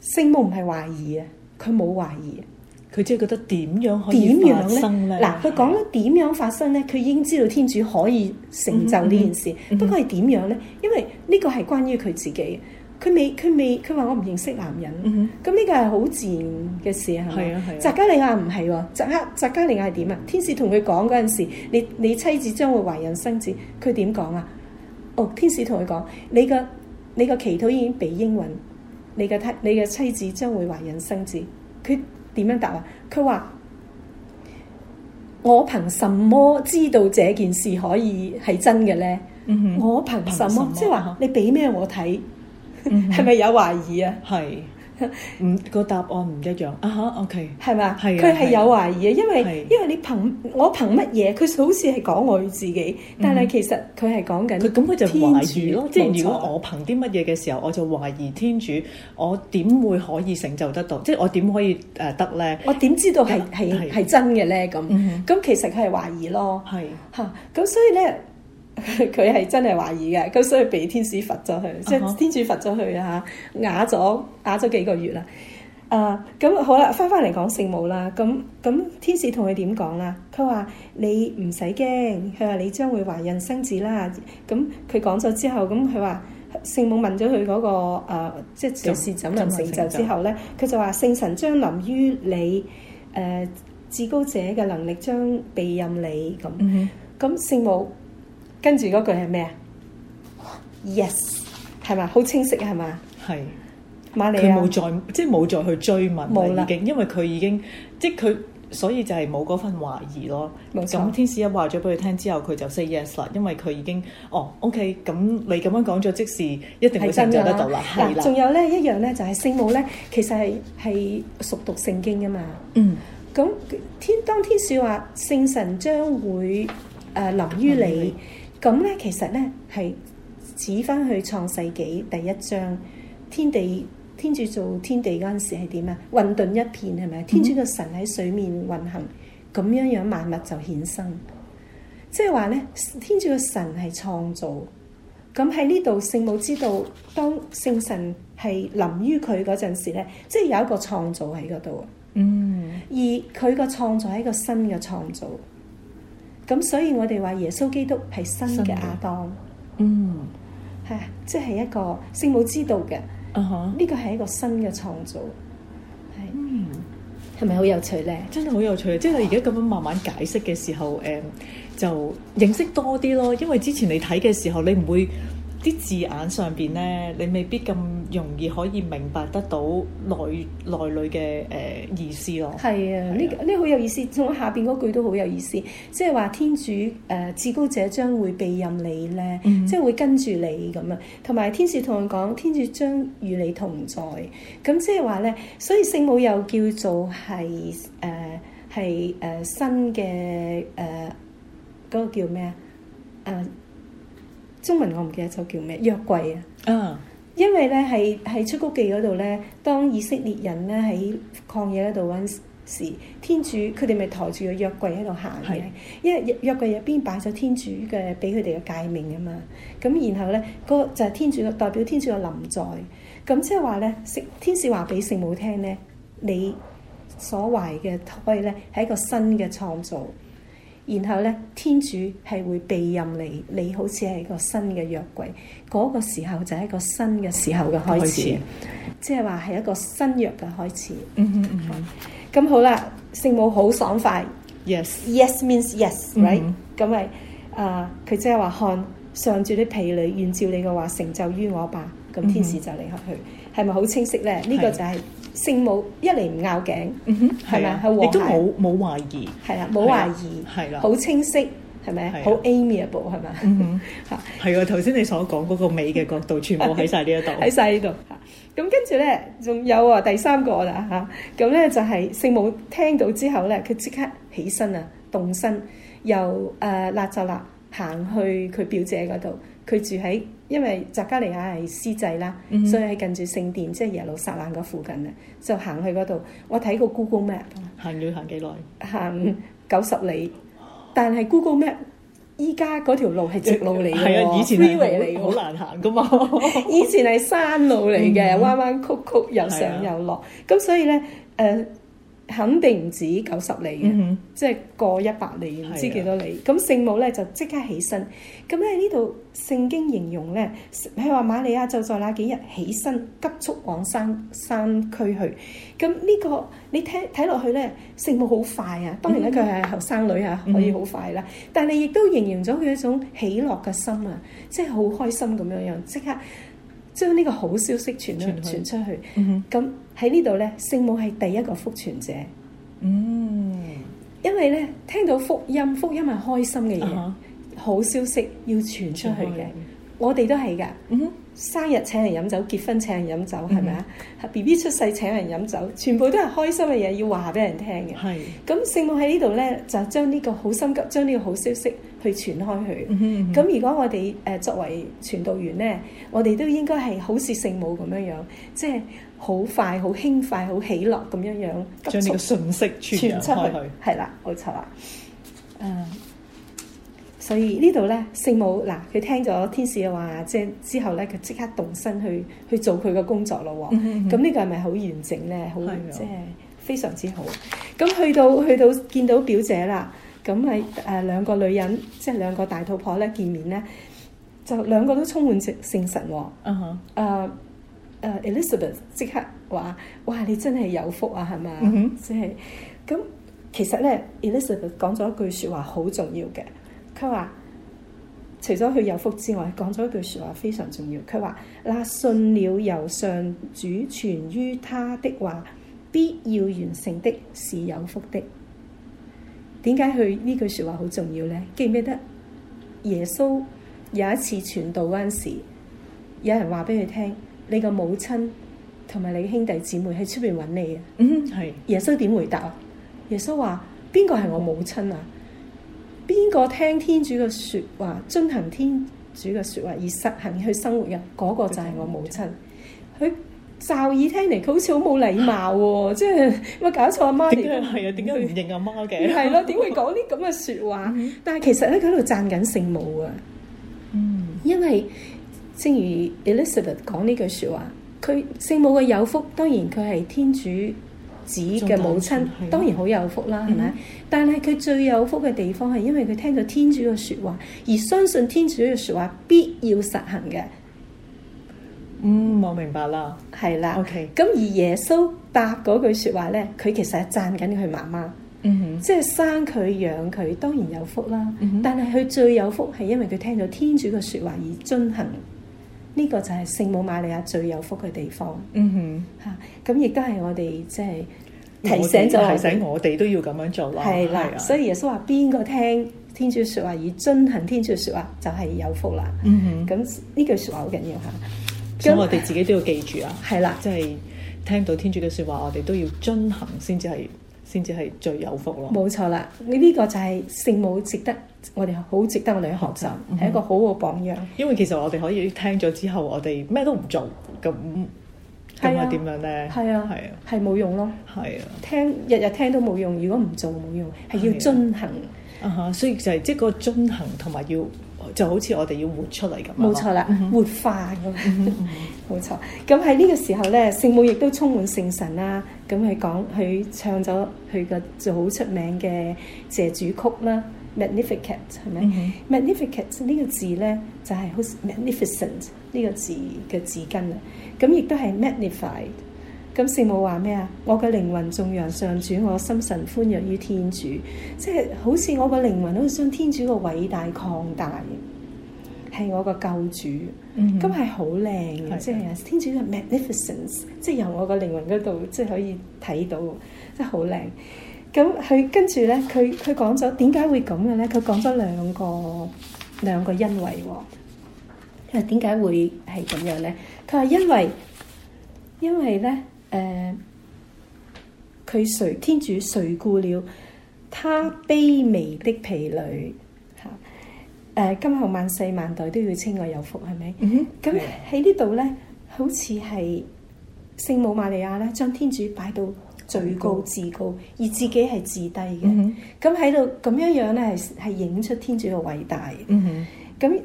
Speaker 3: 聖母唔係懷疑啊，佢冇懷疑，佢只係覺得點樣可以發生咧？嗱，佢講咗點樣發生咧？佢已經知道天主可以成就呢件事，嗯嗯嗯不過係點樣咧？因為呢個係關於佢自己。佢未，佢未，佢話我唔認識男人。咁呢、嗯、哼個係好自然嘅事，係嘛？撒、啊啊、加利亞唔係喎，撒撒加利亞係點啊？天使同佢講嗰陣時，你你妻子將會懷孕生子，佢點講啊？哦，天使同佢講，你個你個祈禱已經被應允。你嘅妻你嘅妻子將會懷孕生子。佢點樣答啊？佢話：我憑什麼知道這件事可以係真嘅咧？嗯、哼我憑什麼？什麼即係話你俾咩我睇？嗯係咪有懷疑啊？係，嗰個答案唔一樣啊哈，OK，係嘛？係，佢係有懷疑啊，因為因為你憑我憑乜嘢？佢好似係講我自己，但係其實
Speaker 1: 佢係講緊天主。佢咁佢就懷疑咯，即係如果我憑啲乜嘢嘅時候，我就懷疑天主，我點會可以成就得到？即係我點可以誒得咧？我點知道係係係真嘅咧？咁咁其實佢係懷疑咯，係吓咁所以咧。
Speaker 3: 佢係 真係懷疑嘅，咁所以被天使罰咗佢，即係、uh huh. 天主罰咗佢啊嚇，啞咗啞咗幾個月啦。啊、uh，咁好啦，翻翻嚟講聖母啦，咁咁天使同佢點講啦？佢話你唔使驚，佢話你將會懷孕生子啦。咁佢講咗之後，咁佢話聖母問咗佢嗰個、呃、即係救事怎能成就之後咧，佢、嗯、哼就話聖神將臨於你，誒、呃、至高者嘅能力將被任你咁。咁、uh huh. 聖母。跟住嗰句係咩啊？Yes，係嘛？好清晰係嘛？
Speaker 1: 係。瑪利亞，佢冇再即係冇再去追問，冇啦。因為佢已經即係佢，所以就係冇嗰份懷疑咯。冇錯。咁天使一話咗俾佢聽之後，佢就 say yes 啦。因為佢已經哦，OK，咁你咁樣講咗，即時一定會真就得到啦。係啦。仲有
Speaker 3: 咧一樣咧，就係聖母咧，其實係係熟讀聖經噶嘛。
Speaker 1: 嗯。
Speaker 3: 咁天當天使話聖神將會誒臨於你。咁咧，其實咧係指翻去創世紀第一章，天地天主做天地嗰陣時係點啊？混沌一片係咪？天主個神喺水面運行，咁樣樣萬物就衍生。即係話咧，天主個神係創造。咁喺呢度，聖母知道當聖神係臨於佢嗰陣時咧，即係有一個創造喺嗰度。嗯。而佢個創造係一個新嘅創造。咁所以我哋話耶穌基督係新嘅亞當，嗯，係，即係一個聖母知道嘅，呢、uh huh. 個係一個新嘅創造，
Speaker 1: 係，係咪好有趣咧？真係好有趣，即係而家咁樣慢慢解釋嘅時候，誒、啊呃，就認識多啲咯。因為之前你睇嘅時候，你唔會。啲字眼上邊咧，你未必咁容易可以明白得到內內裏嘅誒意思咯。係啊，呢
Speaker 3: 呢好有意思。仲下邊嗰句都好有意思，即係話天主誒、呃、至高者將會庇蔭你咧，嗯、哼即係會跟住你咁啊。同埋天使同佢講，天主將與你同在。咁即係話咧，所以聖母又叫做係誒係誒新嘅誒嗰個叫咩啊？啊、呃！中文我唔記得咗叫咩，約櫃啊。嗯。Uh, 因為咧係係出谷記嗰度咧，當以色列人咧喺曠野嗰度陣時，天主佢哋咪抬住個約櫃喺度行嘅。是因為約約櫃入邊擺咗天主嘅，俾佢哋嘅誡命啊嘛。咁然後咧，嗰就係天主代表天主嘅臨在。咁即係話咧，聖天使話俾聖母聽咧，你所懷嘅胎咧係一個新嘅創造。然後呢，天主係會庇蔭你，你好似係個新嘅約櫃，嗰、那個時候就係一個新嘅時候嘅開始，開始即係話係一個新約嘅開始嗯。嗯哼，咁、okay. 好啦，聖母好爽快，yes，yes yes means yes，right？咁咪啊，佢、呃、即係話看上住啲婢女，願照你嘅話成就於我吧，咁天使就離開去。嗯哼嗯係咪好清晰咧？呢個就係聖母一嚟唔拗頸，係咪？佢都冇
Speaker 1: 冇懷疑，係啦，冇懷疑，係啦，好
Speaker 3: 清晰，係咪？好 amiable，係嘛？
Speaker 1: 嚇，係啊！頭先你所講嗰個美嘅角度，全部喺晒呢一度，喺
Speaker 3: 晒呢度。咁跟住咧，仲有啊第三個啦嚇，咁咧就係聖母聽到之後咧，佢即刻起身啊，動身又誒，立就立，行去佢表姐嗰度，佢住喺。因為撒迦利亞係祭司啦，嗯、哼所以喺近住聖殿，即、就、係、是、耶路撒冷嘅附近咧，就行去嗰度。我睇過 Google Map，
Speaker 1: 行要行幾耐？
Speaker 3: 行九十里，但係 Google Map 依家嗰條路係直路嚟嘅喎，freeway 嚟，好難行噶嘛。以前係 山路嚟嘅，嗯、哼彎彎曲曲，又上又落，咁、啊、所以咧，誒、呃。肯定唔止九十里嘅，即係過一百里，唔知幾多里。咁聖母咧就即刻起身，咁喺呢度聖經形容咧，佢話瑪利亞就在那幾日起身，急速往山山區去。咁呢個你聽睇落去咧，聖母好快啊！當然咧佢係後生女啊，可以好快啦。但係亦都形容咗佢一種喜樂嘅心啊，即係好開心咁樣樣，即刻。將呢個好消息傳傳傳出去，咁喺呢度咧，聖母係第一個福傳者，嗯，因為咧聽到福音，福音係開心嘅嘢，嗯、哼好消息要傳出去嘅，去我哋都係噶，嗯。生日請人飲酒，結婚請人飲酒，係咪啊？B B 出世請人飲酒，全部都係開心嘅嘢，要話俾人聽嘅。係。咁聖母喺呢度呢，就將呢個好心急，將呢個好消息去傳開去。咁、嗯嗯、如果我哋誒作為傳道員呢，我哋都應該係好似聖母咁樣樣，即係好快、好輕快、好喜樂咁樣樣，將呢個
Speaker 1: 信息傳出去。
Speaker 3: 係啦，冇錯 啊。Uh 所以呢度咧，聖母嗱佢聽咗天使嘅話，即之後咧，佢即刻動身去去做佢嘅工作咯喎。咁呢個係咪好完整咧？好即係非常之好。咁去到去到見到表姐啦，咁係誒兩個女人，即係兩個大肚婆咧見面咧，就兩個都充滿聖神喎。啊
Speaker 4: 嚇
Speaker 3: 誒誒，Elizabeth 即刻話：哇！你真係有福啊，係嘛？即係咁，其實咧，Elizabeth 講咗一句説話好重要嘅。佢話除咗佢有福之外，講咗一句說話非常重要。佢話嗱，那信了由上主傳於他的話，必要完成的是有福的。點解佢呢句說話好重要呢？記唔記得耶穌有一次傳道嗰陣時，有人話畀佢聽：你個母親同埋你嘅兄弟姊妹喺出邊搵你啊！嗯，係耶穌點回答啊？耶穌話：邊個係我母親啊？邊個聽天主嘅說話，遵行天主嘅說話而實行去生活嘅，嗰個就係我母親。佢驟耳聽嚟，佢好似好冇禮貌喎，即係 咪搞錯阿媽？點解係啊？點解唔認阿媽嘅？係咯？點會講啲咁嘅說話？ 但係其實咧，佢喺度讚緊聖母啊。嗯。 因為正如 Elizabeth 講呢句說話，佢聖母嘅有福，當然佢係天主子嘅母親當然好有福啦，係咪、嗯哼？但係佢最有福嘅地方係因為佢聽到天主嘅説話，而相信天主嘅説話必要實行嘅。
Speaker 1: 嗯，我明白啦，係啦。
Speaker 3: OK，咁而耶穌答嗰句説話咧，佢其實係讚緊佢媽媽，即係、嗯、哼生佢養佢，當然有福啦。嗯、哼但係佢最有福係因為佢聽到天主嘅説話而遵行。呢個就係聖母瑪利亞最有福嘅地方。嗯哼，嚇、啊，咁亦都係我哋即係
Speaker 1: 提醒就提醒我哋都要咁樣做啦。係啦、啊，所
Speaker 3: 以耶穌話：邊個聽天主説話而遵行天主説話，就係有福
Speaker 1: 啦。
Speaker 4: 嗯哼，
Speaker 1: 咁呢句説話好緊要嚇，咁我哋自己都要記住啊。係啦，即係聽到天主嘅説話，我哋都要遵行先至係。先至係最有福咯。冇錯啦，你、這、呢個就係聖母值得我哋好值得我哋去學習，係、嗯、一個好嘅榜樣。因為其實我哋可以聽咗之後，我哋咩都唔做，咁係啊點樣咧？係啊，係啊，係冇、啊、用咯。係啊，聽日日聽都冇用，如果唔做冇用，係、啊、要進行。啊哈、嗯，所以就係、是、即、就是、個進行同埋要。就好似我哋要活出嚟咁，冇錯啦，嗯、哼活化咁，冇、嗯、哼 錯。咁喺呢個時候咧，
Speaker 3: 聖母亦都充滿聖神啦。咁係講佢唱咗佢個就好出名嘅謝主曲啦 Magnificat 係咪、嗯、哼 Magnificat 呢個字咧就係、是、好 Magnificent 呢個字嘅字根啊。咁亦都係 Magnified。咁聖母話咩啊？我嘅靈魂頌揚上主，我心神歡躍於天主，即係好似我個靈魂好似將天主個偉大擴大，係我個救主，咁係好靚。即係天主嘅 magnificence，的即係由我個靈魂嗰度即係可以睇到，真係好靚。咁佢跟住咧，佢佢講咗點解會咁嘅咧？佢講咗兩個兩個為因為喎，因為點解會係咁樣咧？佢話因為因為咧。誒，佢垂、uh, 天主垂顧了他卑微的婢女吓。誒、啊，今後萬世萬代都要稱我有福，係咪？咁喺、嗯、哼呢度咧，好似係聖母瑪利亞咧，將天主擺到最高至高，嗯、哼而自己係至低嘅。咁喺度咁樣樣咧，係係影出天主嘅偉大。咁、嗯哼，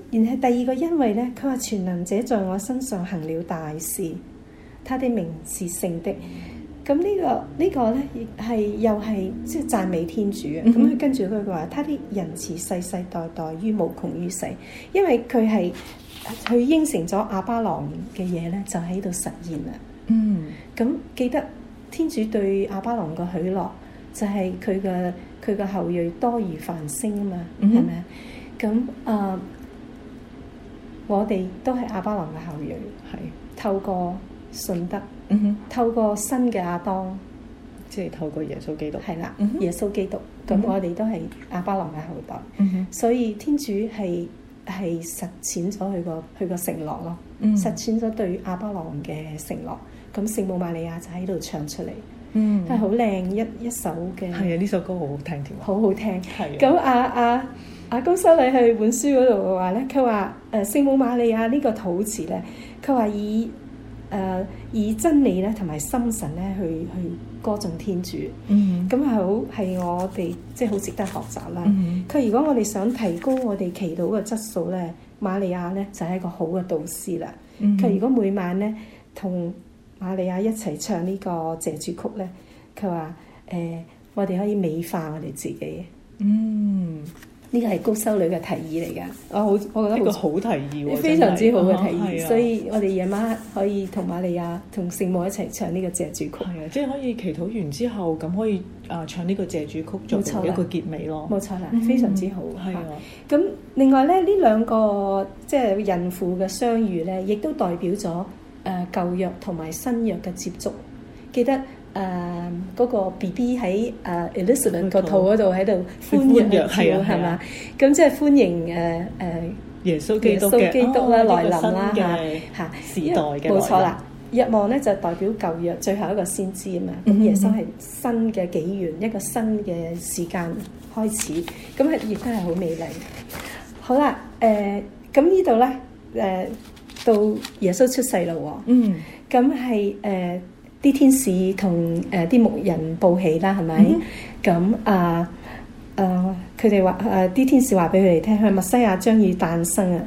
Speaker 3: 然後第二個因為咧，佢話全能者在我身上行了大事。他的名是聖的，咁呢，這個這個呢個咧，係又係即係讚美天主啊！咁佢跟住佢話，mm hmm. 他啲仁慈世世代代於無窮於世，因為佢係佢應承咗阿巴郎嘅嘢呢，就喺度實現啦。嗯、
Speaker 4: mm，
Speaker 3: 咁、hmm. 記得天主對阿巴郎嘅許諾，就係佢嘅佢嘅後裔多如繁星啊嘛，係咪啊？咁、hmm. 啊，uh, 我哋都係阿巴郎嘅後裔，係、mm hmm. 透過。信德，透過新嘅亞當，即係透過耶穌基督，係啦的。耶穌基督咁，嗯、我哋都係亞巴郎嘅後代，嗯嗯、所以天主係係實踐咗佢個佢個承諾咯，嗯、實踐咗對亞巴郎嘅承諾。咁聖母瑪利亞就喺度唱出嚟，
Speaker 1: 係好
Speaker 3: 靚一一首嘅。係
Speaker 1: 啊，呢首歌好好
Speaker 3: 聽添，好好聽。咁阿阿阿高修女喺的、啊啊啊啊、本書嗰度嘅話咧，佢話誒聖母瑪利亞呢個土詞咧，佢話以。誒、uh, 以真理咧，同埋心神咧去去歌頌天主，咁好係我哋即係好值得學習啦。佢、mm hmm. 如果我哋想提高我哋祈禱嘅質素咧，瑪利亞咧就係、是、一個好嘅導師啦。佢、mm hmm. 如果每晚咧同瑪利亞一齊唱呢個謝主曲咧，佢話誒，我哋可以美化我哋自己。嗯、
Speaker 1: mm。Hmm.
Speaker 3: 呢個係高修女嘅提議嚟噶，我
Speaker 1: 好，我覺得呢個好提議喎、啊，非常之好嘅提議。啊啊、所以，
Speaker 3: 我哋夜晚可以同瑪利亞、同聖母一齊
Speaker 1: 唱呢個謝主曲，啊、即係可以祈禱完之後，咁可以啊唱呢個謝主曲作為一個結尾,結尾咯。冇
Speaker 3: 錯啦，非常之好。係、嗯、啊，咁、啊、另外咧，呢兩個即係孕婦嘅相遇咧，亦都代表咗誒、呃、舊約同埋新約嘅接觸。記得。誒嗰個 B B 喺誒 Elizabeth 個肚嗰度喺度歡迎，係啊係嘛？咁即係歡迎誒誒耶穌基督啦來臨啦嚇嚇時代嘅來臨。冇錯啦，日望咧就代表舊約最後一個先知啊嘛。咁耶穌係新嘅紀元，一個新嘅時間開始。咁啊，亦都係好美麗。好啦，誒咁呢度咧，誒到耶穌出世啦喎。嗯，咁係誒。啲天使同誒啲牧人報喜啦，係咪？咁啊、嗯、哼啊，佢哋話誒啲天使話俾佢哋聽，係墨西亞將要誕生啊！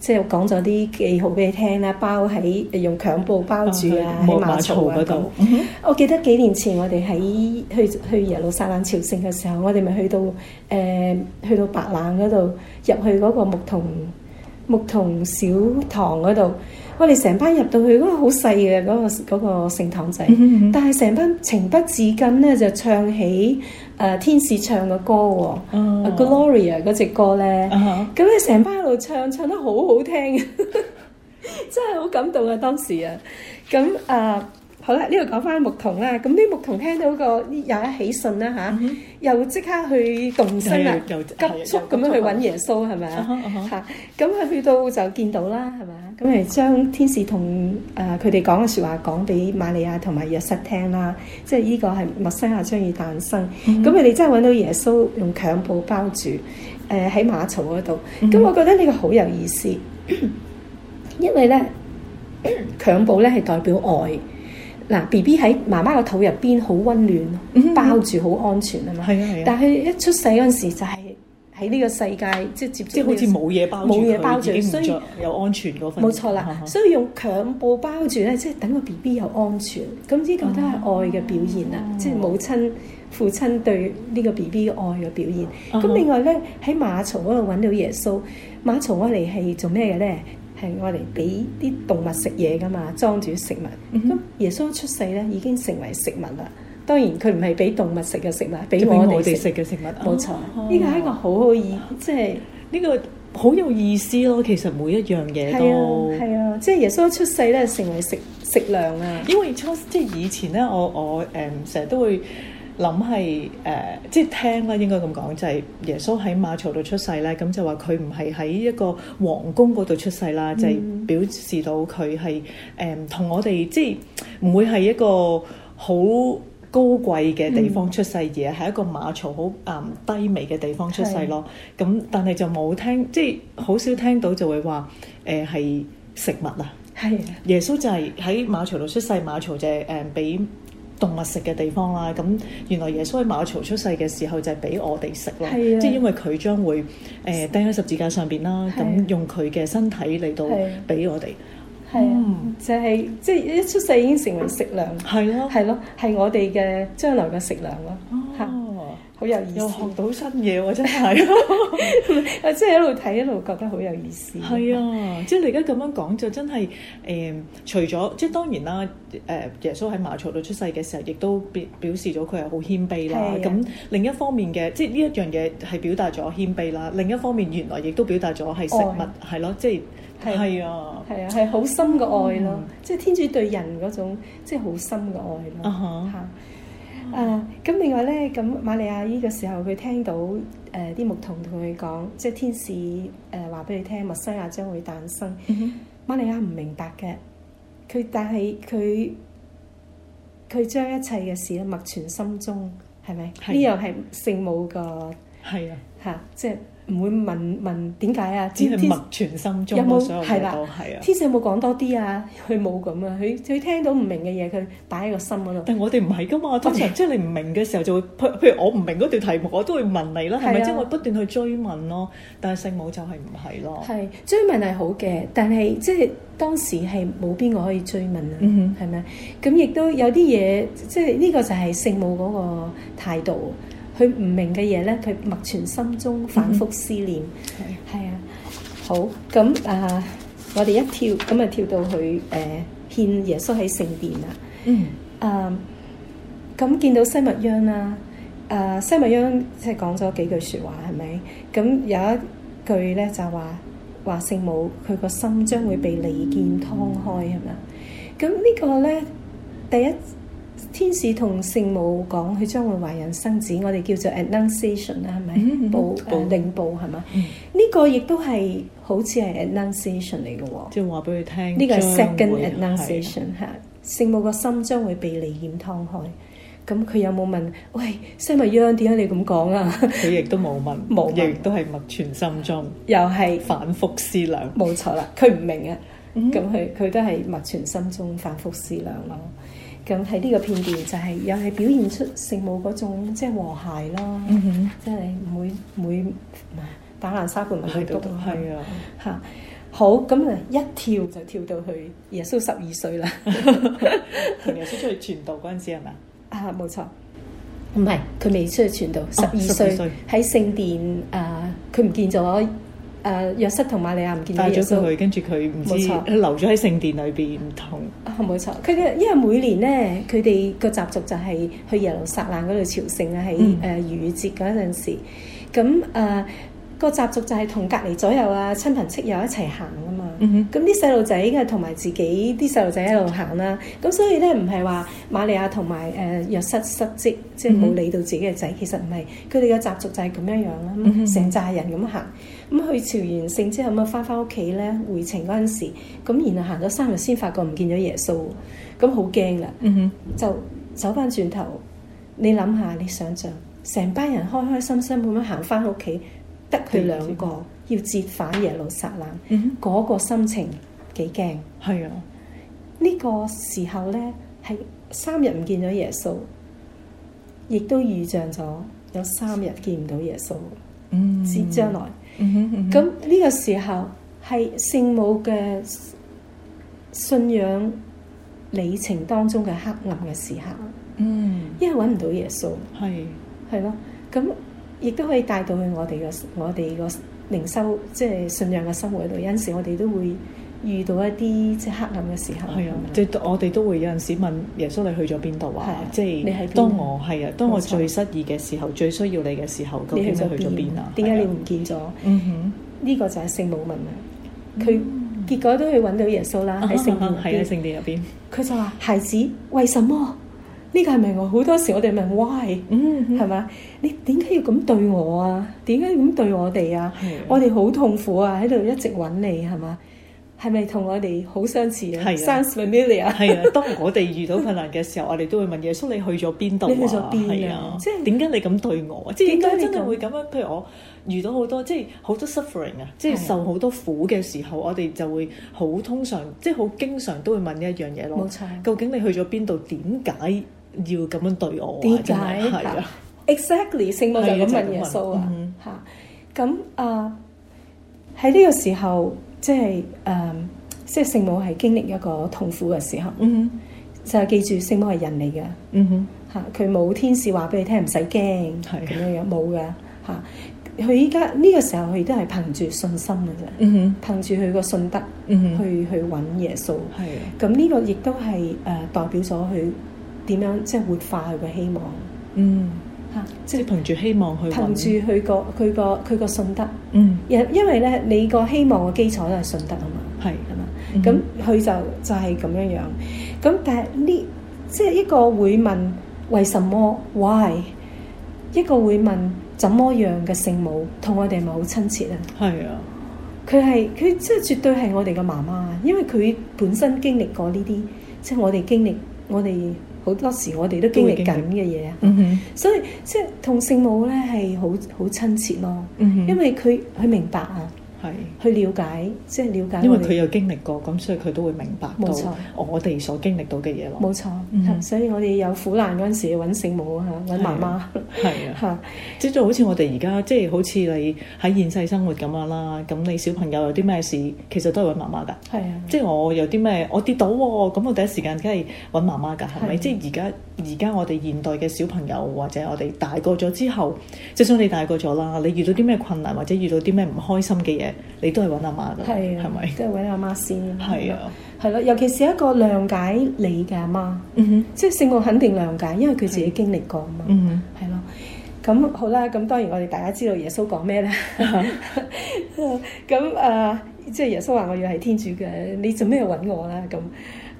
Speaker 3: 即係講咗啲記號俾你聽啦，包喺用襁褓包住啊，喺馬槽嗰度。我記得幾年前我哋喺去去耶路撒冷朝聖嘅時候，我哋咪去到誒、呃、去到白冷嗰度，入去嗰個牧童牧童小堂嗰度。我哋成班入到去嗰、那個好細嘅嗰個嗰聖堂仔，嗯哼嗯哼，但係成班情不自禁咧就唱起誒、呃、天使唱嘅歌喎，《Gloria》嗰隻歌咧，咁你成班喺度唱，唱得好好聽， 真係好感動啊，當時啊，咁啊。呃好啦，呢度講翻牧童啦。咁啲牧童聽到個又一起信啦嚇，又即刻去動身啦，急速咁樣去揾耶穌係咪啊？嚇咁啊，去到就見到啦係咪啊？咁係將天使同誒佢哋講嘅説話講俾瑪利亞同埋約瑟聽啦。即係呢個係彌賽亞將要誕生。咁佢哋真係揾到耶穌，用襁褓包住誒喺馬槽嗰度。咁我覺得呢個好有意思，因為咧襁褓咧係代表愛。嗱，B B 喺媽媽嘅肚入邊好温暖，嗯、哼包住好安全啊嘛。係啊係啊。啊但係佢一出世嗰陣時就係喺呢個世界，即接即好似冇嘢包冇嘢包住，他所以
Speaker 1: 有安全嗰份。冇錯啦
Speaker 3: ，uh huh. 所以用襁褓包住咧，即等個 B B 有安全。咁呢個都係愛嘅表現啦，uh huh. 即母親、父親對呢個 B B 愛嘅表現。咁、uh huh. 另外咧喺馬槽嗰度揾到耶穌，馬槽嗰嚟係做咩嘅咧？係我哋俾啲動物食嘢噶嘛，裝住食物。咁、嗯、哼耶穌出世咧，已經成為食物啦。當然佢唔係俾動物食嘅食物，俾我哋食嘅食，
Speaker 1: 食物。冇錯、哦，呢個係一個好好意，即係呢個好有意思咯。其實每一樣嘢都係啊，即係、啊就是、耶穌出世咧，成為食食糧啊。因為初即係以前咧，我我誒成日都會。諗係誒，即係聽啦，應該咁講，就係、是、耶穌喺馬槽度出世咧。咁就話佢唔係喺一個皇宮嗰度出世啦，嗯、就係表示到佢係誒同我哋即係唔會係一個好高貴嘅地方出世、嗯、而係一個馬槽好誒低微嘅地方出世咯。咁是但係就冇聽，即係好少聽到就會話誒係食物啊。係耶穌就係喺馬槽度出世，馬槽就係誒俾，嗯動物食嘅地方啦，咁原來耶穌喺馬槽出世嘅時候就係俾我哋食啦，啊、即係因為佢將會誒釘喺十字架上邊啦，咁、啊、用佢嘅身體嚟到俾我哋，
Speaker 3: 係啊，嗯、
Speaker 1: 就係即係一出世已經成為食
Speaker 3: 糧，係咯、啊，係咯、啊，係我哋嘅將來嘅食糧啦。哦好有意思，又學
Speaker 1: 到新嘢喎！真係，即係一路睇一路覺得好有意思。係 啊，即係你而家咁樣講就真係誒，除咗即係當然啦，誒耶穌喺馬槽度出世嘅時候，亦都表表示咗佢係好謙卑啦。咁、啊、另一方面嘅，即係呢一樣嘢係表達咗謙卑啦。另一方面，原來亦都表達咗係食物，係咯愛，即係係啊，係了啊，係好、啊、深嘅愛咯，嗯、即係天主對人嗰種即係好
Speaker 3: 深嘅愛咯。嗯 uh huh. 啊！咁、uh, 嗯、另外咧，咁瑪利亞依個時候佢聽到誒啲、呃、牧童同佢講，即係天使誒話俾佢聽，麥西亞將會誕生。瑪、嗯、哼利亞唔明白嘅，佢但係佢佢將一切嘅事默存心中，係咪？呢又係聖母個係的啊嚇，即係。唔會問問點解啊？只係默存
Speaker 1: 心中，有冇係啦？係啊，天
Speaker 3: 使有冇講多啲啊？佢冇咁啊，佢佢聽到唔明嘅嘢，佢
Speaker 1: 擺喺個心嗰度。但我哋唔係噶嘛，通常即係你唔明嘅時候就會， 譬如我唔明嗰條題目，我都會問你啦，係咪的的？即係我不斷去追問咯。但係聖母就係唔係咯？係追問係
Speaker 3: 好嘅，但係即係當時係冇邊個可以追問啊？嗯哼，係咪？咁亦都有啲嘢，即係呢個就係聖母嗰個態度。佢唔明嘅嘢咧，佢默存心中，反覆思念，係啊，好咁啊，我哋一跳咁啊，跳到佢誒獻耶穌喺聖殿啊，嗯，啊，咁見到西默盎啦，啊西默盎即係講咗幾句説話係咪？咁有一句咧就話話聖母佢個心將會被利劍劏開係咪？咁呢個咧第一。天使同聖母講，佢將會懷孕生子，我哋叫做 Annunciation 啦，係咪？報領報係嘛？呢個亦都係好似係 Annunciation 嚟嘅，即係話俾佢聽。呢個係 second Annunciation 吓。聖母個心將會被你染湯開。咁佢有冇問？喂，西密央，點解你咁講啊？
Speaker 1: 佢亦都冇問，冇亦都係默存心中，又係反覆思量。冇
Speaker 3: 錯啦，佢唔明呀，咁佢佢都係默存心中，反覆思量咯。咁喺呢個片段就係又係表現出聖母嗰種即係、就是、和諧啦，嗯、哼即係唔會每打爛沙盤去到都係啊嚇好咁啊一跳，就跳到去耶穌十二歲啦，同 耶穌
Speaker 1: 出去傳道嗰陣時係咪啊？冇錯，
Speaker 3: 唔係佢未出去傳道，十二、啊、歲喺歲聖殿啊，佢、呃、唔見咗。誒、啊、約瑟同瑪利亞唔見到帶咗佢去，
Speaker 1: 跟住佢唔知錯留咗喺聖殿裏邊唔同。
Speaker 3: 冇、啊、錯，佢嘅因為每年咧，佢哋個習俗就係去耶路撒冷嗰度朝聖雨、嗯、啊，係誒逾越節嗰陣時，咁誒。個習俗就係同隔離左右啊親朋戚友一齊行啊嘛，咁啲細路仔嘅同埋自己啲細路仔一路行啦，咁所以咧唔係話瑪利亞同埋誒若瑟失職，即係冇理到自己嘅仔，mm hmm. 其實唔係佢哋嘅習俗就係咁樣樣啦、啊，成紮、mm hmm. 人咁行，咁去朝完聖之後咁啊翻翻屋企咧回程嗰陣時，咁然後行咗三日先發覺唔見咗耶穌，咁好驚啦，mm hmm. 就走翻轉頭，你諗下你想像，成班人開開心心咁樣行翻屋企。得佢兩個要折返耶路撒冷，嗰、嗯、哼個心情幾驚。係啊，呢個時候咧係三日唔見咗耶穌，亦都預象咗有三日見唔到耶穌。
Speaker 4: 嗯，至將來，咁
Speaker 3: 呢、嗯嗯、個時候係聖母嘅信仰里程當中嘅黑暗嘅時候。嗯，因為搵唔到耶穌，係係咯，咁、啊。亦都可以帶到去我哋個我哋個靈修，即係信仰嘅生活度。邊。有陣時我哋都會遇到一啲即係黑暗嘅時候，即
Speaker 1: 係我哋都會有陣時問耶穌：你去咗邊度啊？即係當我係啊，當我最失意嘅時候、最需要你嘅時候，究竟去咗邊啊？
Speaker 3: 點解你唔見咗？嗯
Speaker 1: 哼，
Speaker 3: 呢個就係聖母問啊。佢結果都去揾到耶穌啦，喺聖殿入邊。佢就話：孩子，為什麼？呢個係咪我好多時我哋問 why 係嘛？你點解要咁對我啊？點解要咁對我哋啊？是的 我哋好痛苦啊！喺度一直揾你係嘛？
Speaker 1: 係咪同我哋好相似啊？Sounds familiar 係啊！當我哋遇到困難嘅時候， 我哋都會問耶穌：你去咗邊度？你去咗邊啊？啊即係點解你咁對我？即係點解真係會咁樣？譬如我遇到好多即係好多 suffering 啊，即係受好多苦嘅時候，我哋就會好通常即係好經常都會問一樣嘢咯。冇錯没錯，究竟你去咗邊度？點解？要咁樣對我啊！點解
Speaker 3: 係啊？Exactly，聖母就咁問耶穌啊！嚇咁啊，喺呢個時候即係誒，即係聖母係經歷一個痛苦嘅時候。嗯哼，就係記住聖母係人嚟嘅。嗯哼，嚇佢冇天使話俾你聽，唔使驚係咁樣樣冇嘅嚇。佢依家呢個時候，佢亦都係憑住信心嘅啫。嗯哼，憑住佢個信德，嗯哼，去去揾耶穌係。咁呢個亦都係誒代表咗佢。點樣即係活化佢嘅希望？嗯，
Speaker 1: 嚇、啊，即係憑住希望去憑住佢
Speaker 3: 個佢個佢個信德。嗯，因因為咧，你個希望嘅基礎都係信德啊嘛，係啊嘛。咁佢吧、嗯、哼就就係咁樣樣。咁但係呢，即係一個會問為什麼 why，一個會問怎麼樣嘅聖母同我哋係咪好親切啊？係啊，佢係佢即係絕對係我哋嘅媽媽，因為佢本身經歷過呢啲，即係我哋經歷我哋。好多時我哋都經歷緊嘅嘢，嗯、所以即係同聖母咧係好好親切咯，嗯、哼因為佢佢明白啊。是去了解，即、就、係、是、了解。因為佢有
Speaker 1: 經歷過，咁所以佢都會明白到我哋所經歷到嘅嘢咯。冇錯
Speaker 3: 錯，嗯、哼所以我哋有苦難嗰陣時，要揾聖母啊，揾媽媽。
Speaker 1: 係啊，即係好似我哋而家，即係好似你喺現世生活咁樣啦。咁你小朋友有啲咩事，其實都係揾媽媽噶。係啊的，即係我有啲咩，我跌倒、哦，咁我第一時間梗係揾媽媽噶，係咪的？即係而家，而家、就是、我哋現代嘅小朋友，或者我哋大個咗之後，即係你大個咗啦，你遇到啲咩困難，或者遇到啲咩唔開心嘅嘢。你都係揾阿媽噶，係咪的？
Speaker 3: 吧都係揾阿媽先，
Speaker 1: 係啊，係咯的。尤其是一個諒
Speaker 3: 解你嘅阿媽，嗯哼、mm，hmm. 即係聖母肯定諒解，因為佢自己經歷過啊嘛，
Speaker 1: 嗯哼、mm，係、hmm. 咯。
Speaker 3: 咁好啦，咁當然我哋大家知道耶穌講咩咧？咁、 uh huh. 啊，即係耶穌話我要係天主嘅，你做咩要揾我啦？咁。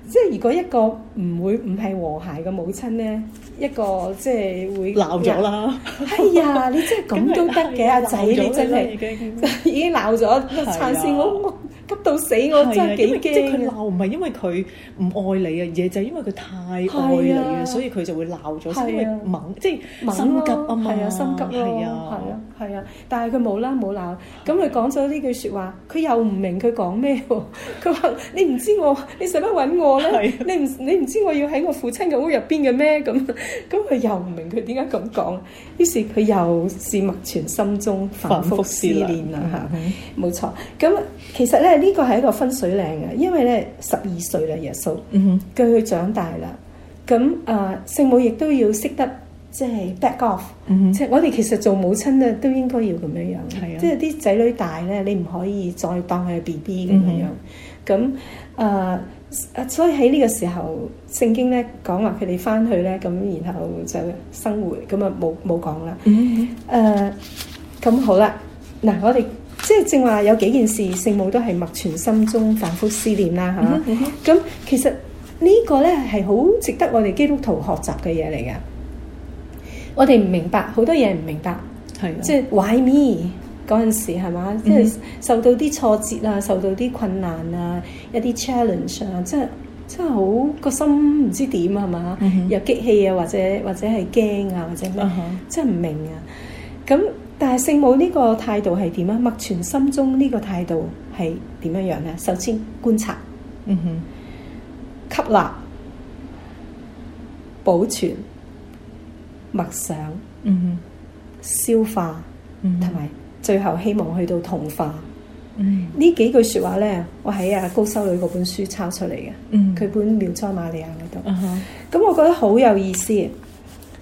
Speaker 3: 即係如果一個唔會唔係和諧嘅母親咧，一個即係會鬧咗了啦。係 啊、哎，你真係咁都得嘅啊！仔你真係
Speaker 1: 已經鬧咗，產生我。急到死，我真係幾驚！即係佢鬧唔係因為佢唔愛你啊，而係就因為佢太愛你啊，所以佢就會鬧咗，因為猛即係心急啊嘛，心急啊，係啊，
Speaker 3: 係啊，但係佢冇啦，冇鬧。咁佢講咗呢句説話，佢又唔明佢講咩喎？佢話你唔知我，你使乜揾我咧？你唔你唔知我要喺我父親嘅屋入邊嘅咩？咁咁佢又唔明佢點解咁講。於是佢又是默存心中，反覆思念啊嚇，冇錯。咁其實咧。呢個係一個分水嶺嘅，因為咧十二歲啦，耶穌，佢去長大啦，咁啊，聖母亦都要識得即係 back off，即係我哋其實做母親咧都應該要咁樣樣，即係啲仔女大咧，你唔可以再當佢係 BB 咁樣樣，咁啊，所以喺呢個時候，聖經咧講話佢哋翻去咧，咁然後就生活，咁啊冇冇講啦，誒，咁好啦，嗱我哋。即係正話有幾件事，聖母都係默存心中，反覆思念啦，吓。咁其實呢個咧係好值得我哋基督徒學習嘅嘢嚟㗎。我哋唔明白，好多嘢唔明白，係即係 why me？嗰陣時係嘛，即係受到啲挫折啊，受到啲困難啊，一啲 challenge 啊，即係真係好個心唔知點啊係嘛，又激氣啊，或者或者係驚啊，或者咩，即係唔明啊，咁。但係聖母呢個態度係點啊？默存心中呢個態度係點樣樣咧？首先觀察，
Speaker 1: 嗯
Speaker 3: 哼，吸納、保存、默想，嗯哼，消化，嗯哼，同埋最後希望去到同化。嗯哼，呢幾句說話咧，我喺阿高修女嗰本書抄出嚟嘅，嗯哼，佢本《妙哉瑪利亞》嗰度，嗯哼，咁我覺得好有意思。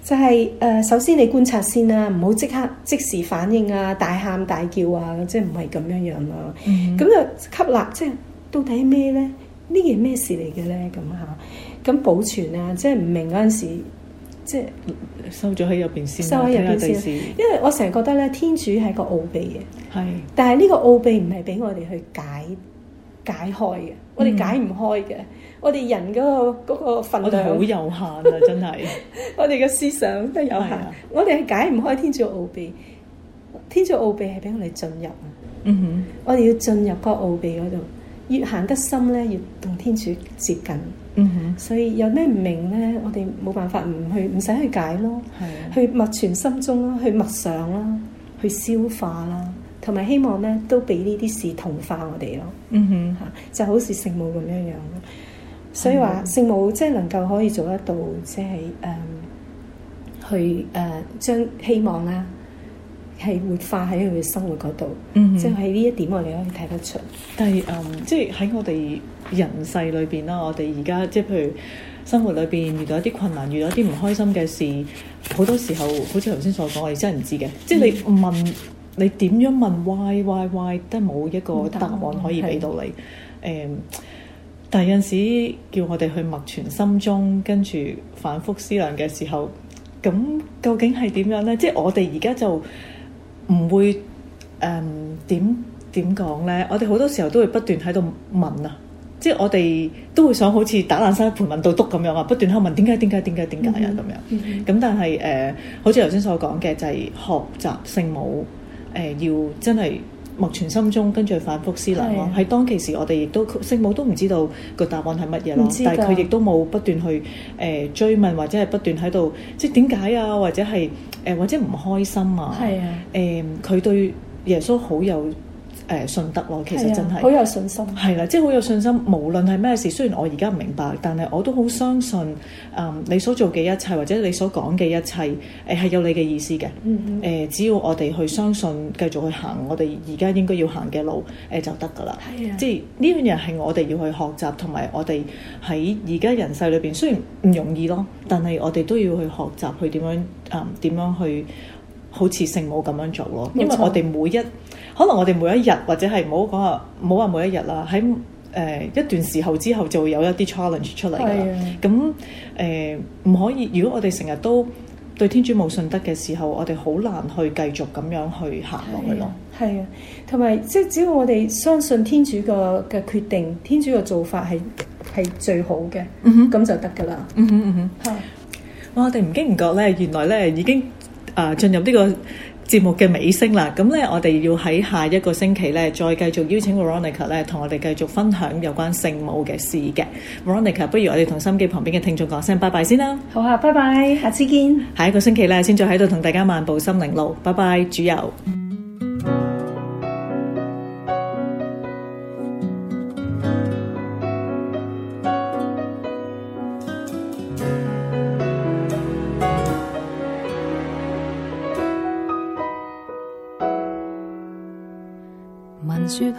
Speaker 3: 就係、是、誒、呃，首先你觀察先啦、啊，唔好即刻即時反應啊，大喊大叫啊，即係唔係咁樣樣、啊、啦。咁、嗯、就吸納即係、就是、到底咩咧？嗯、呢件咩事嚟嘅咧？咁嚇、啊，咁保存啊，即係唔明嗰陣時，即係
Speaker 1: 收咗喺入邊先、啊，收喺入邊先、啊。先啊、
Speaker 3: 因為我成日覺得咧，天主係個奧秘嘅，係是。但係呢個奧秘唔係俾我哋去解、嗯、解開嘅，我哋解唔開嘅。嗯我哋人嗰、嗰個嗰個份量我哋好有限啊！真係， 我哋嘅思想都有限。啊、我哋係解唔開天主奧秘，天主奧秘係俾我哋進入啊。嗯哼，我哋要進入個奧秘嗰度，越行得深咧，越同天主接近。嗯哼，所以有咩唔明咧，我哋冇辦法唔去，唔使去解咯。係的去默存心中啦，去默想啦，去消化啦，同埋希望咧都俾呢啲事同化我哋咯。嗯哼，嚇就好似聖母咁樣樣咯。所以話聖母即係能夠可以做得到，即係誒，去誒將希望啦，
Speaker 1: 係活化喺佢嘅生活嗰度。嗯哼。嗯，即係喺呢一點我哋可以睇得出。但係誒，即係喺我哋人世裏邊啦，我哋而家即係譬如生活裏邊遇到一啲困難，遇到一啲唔開心嘅事，好多時候好似頭先所講，我哋真係唔知嘅。即係你問、嗯、你點樣問 why why why 都冇一個答案可以俾到你誒。但有陣時叫我哋去默存心中，跟住反覆思量嘅時候，咁究竟係點樣呢？即係我哋而家就唔會誒點點講呢。我哋好多時候都會不斷喺度問啊，即係我哋都會想好似打爛曬盤問到篤咁樣啊，不斷喺度問點解點解點解點解啊咁樣。咁、嗯嗯嗯、但係誒、呃，好似頭先所講嘅就係、是、學習聖母誒、呃，要真係，默存心中，跟住反覆思量咯。喺、啊、當其時我哋亦都聖母都唔知道個答案係乜嘢咯。但係佢亦都冇不斷去誒、呃、追問或者係不斷喺度即係點解啊？或者係誒、呃、或者唔開心啊？係啊，誒、呃，佢對耶穌好有。誒信德咯，其實真係好、啊、有信心，係啦、啊，即係好有信心。無論係咩事，雖然我而家唔明白，但係我都好相信，嗯，你所做嘅一切或者你所講嘅一切，誒、呃、係有你嘅意思嘅。誒、嗯嗯呃，只要我哋去相信，繼續去行我哋而家應該要行嘅路，誒、呃、就得㗎啦。係啊，即係呢樣嘢係我哋要去學習，同埋我哋喺而家人世裏邊，雖然唔容易咯，但係我哋都要去學習去點樣，嗯，點樣去好似聖母咁樣做咯。因為我哋每一、嗯嗯可能我哋每一日，或者係唔好講啊，唔好話每一日啦，喺誒、呃、一段時候之後，就會有一啲 challenge 出嚟啦。咁誒唔可以，如果我哋成日都對天主冇信德嘅時候，我哋好難去繼續咁樣去行落去咯。
Speaker 3: 係啊，同埋即係只要我哋相信天主個嘅決定，天主嘅做法係係最好嘅，咁、嗯、哼就得噶啦。嗯
Speaker 1: 哼嗯係的。我哋唔經唔覺咧，原來咧已經啊進入呢、呢個。節目嘅尾聲啦，咁咧我哋要喺下一個星期咧，再繼續邀請 Veronica 咧，同我哋繼續分享有關聖母嘅事嘅。Veronica，不如我哋同心機旁邊嘅聽眾講聲拜拜先啦。好啊，拜拜，下次見。下一個星期啦，先再喺度同大家漫步心靈路，拜拜，主
Speaker 2: 佑。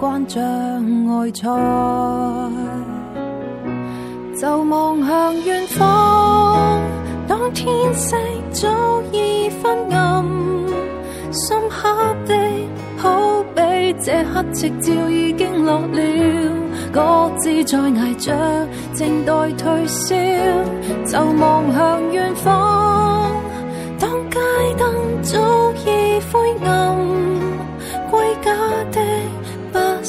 Speaker 4: 關窗外，再 就望向遠方。當天色早已昏暗，深刻的好比這刻夕照已經落了。各自在挨着，靜待退燒。 就望向遠方。當街燈早已灰暗，歸家的。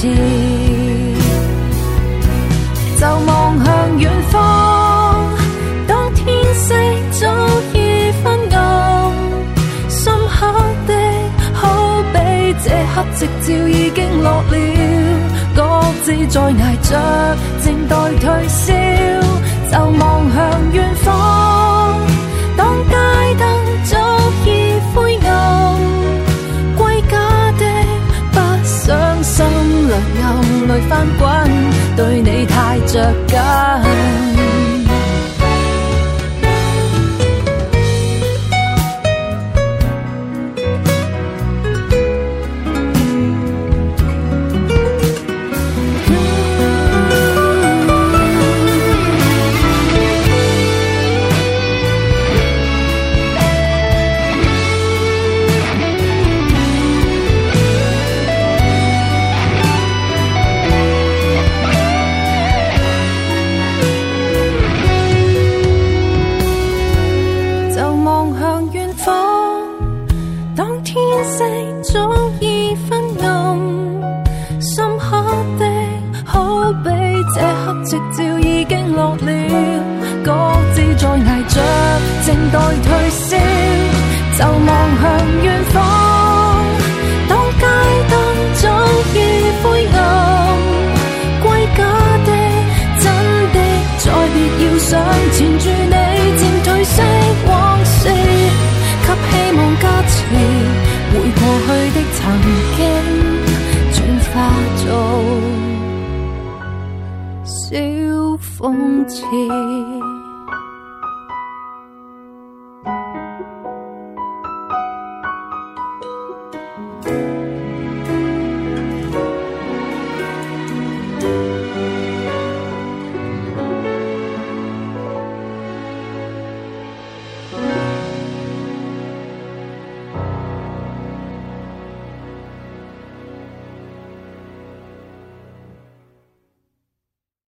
Speaker 4: 就望向遠方，當天色早已昏暗，深刻的好比這刻夕照已經落了，各自在捱着，靜待退燒。就望向遠方。著緊。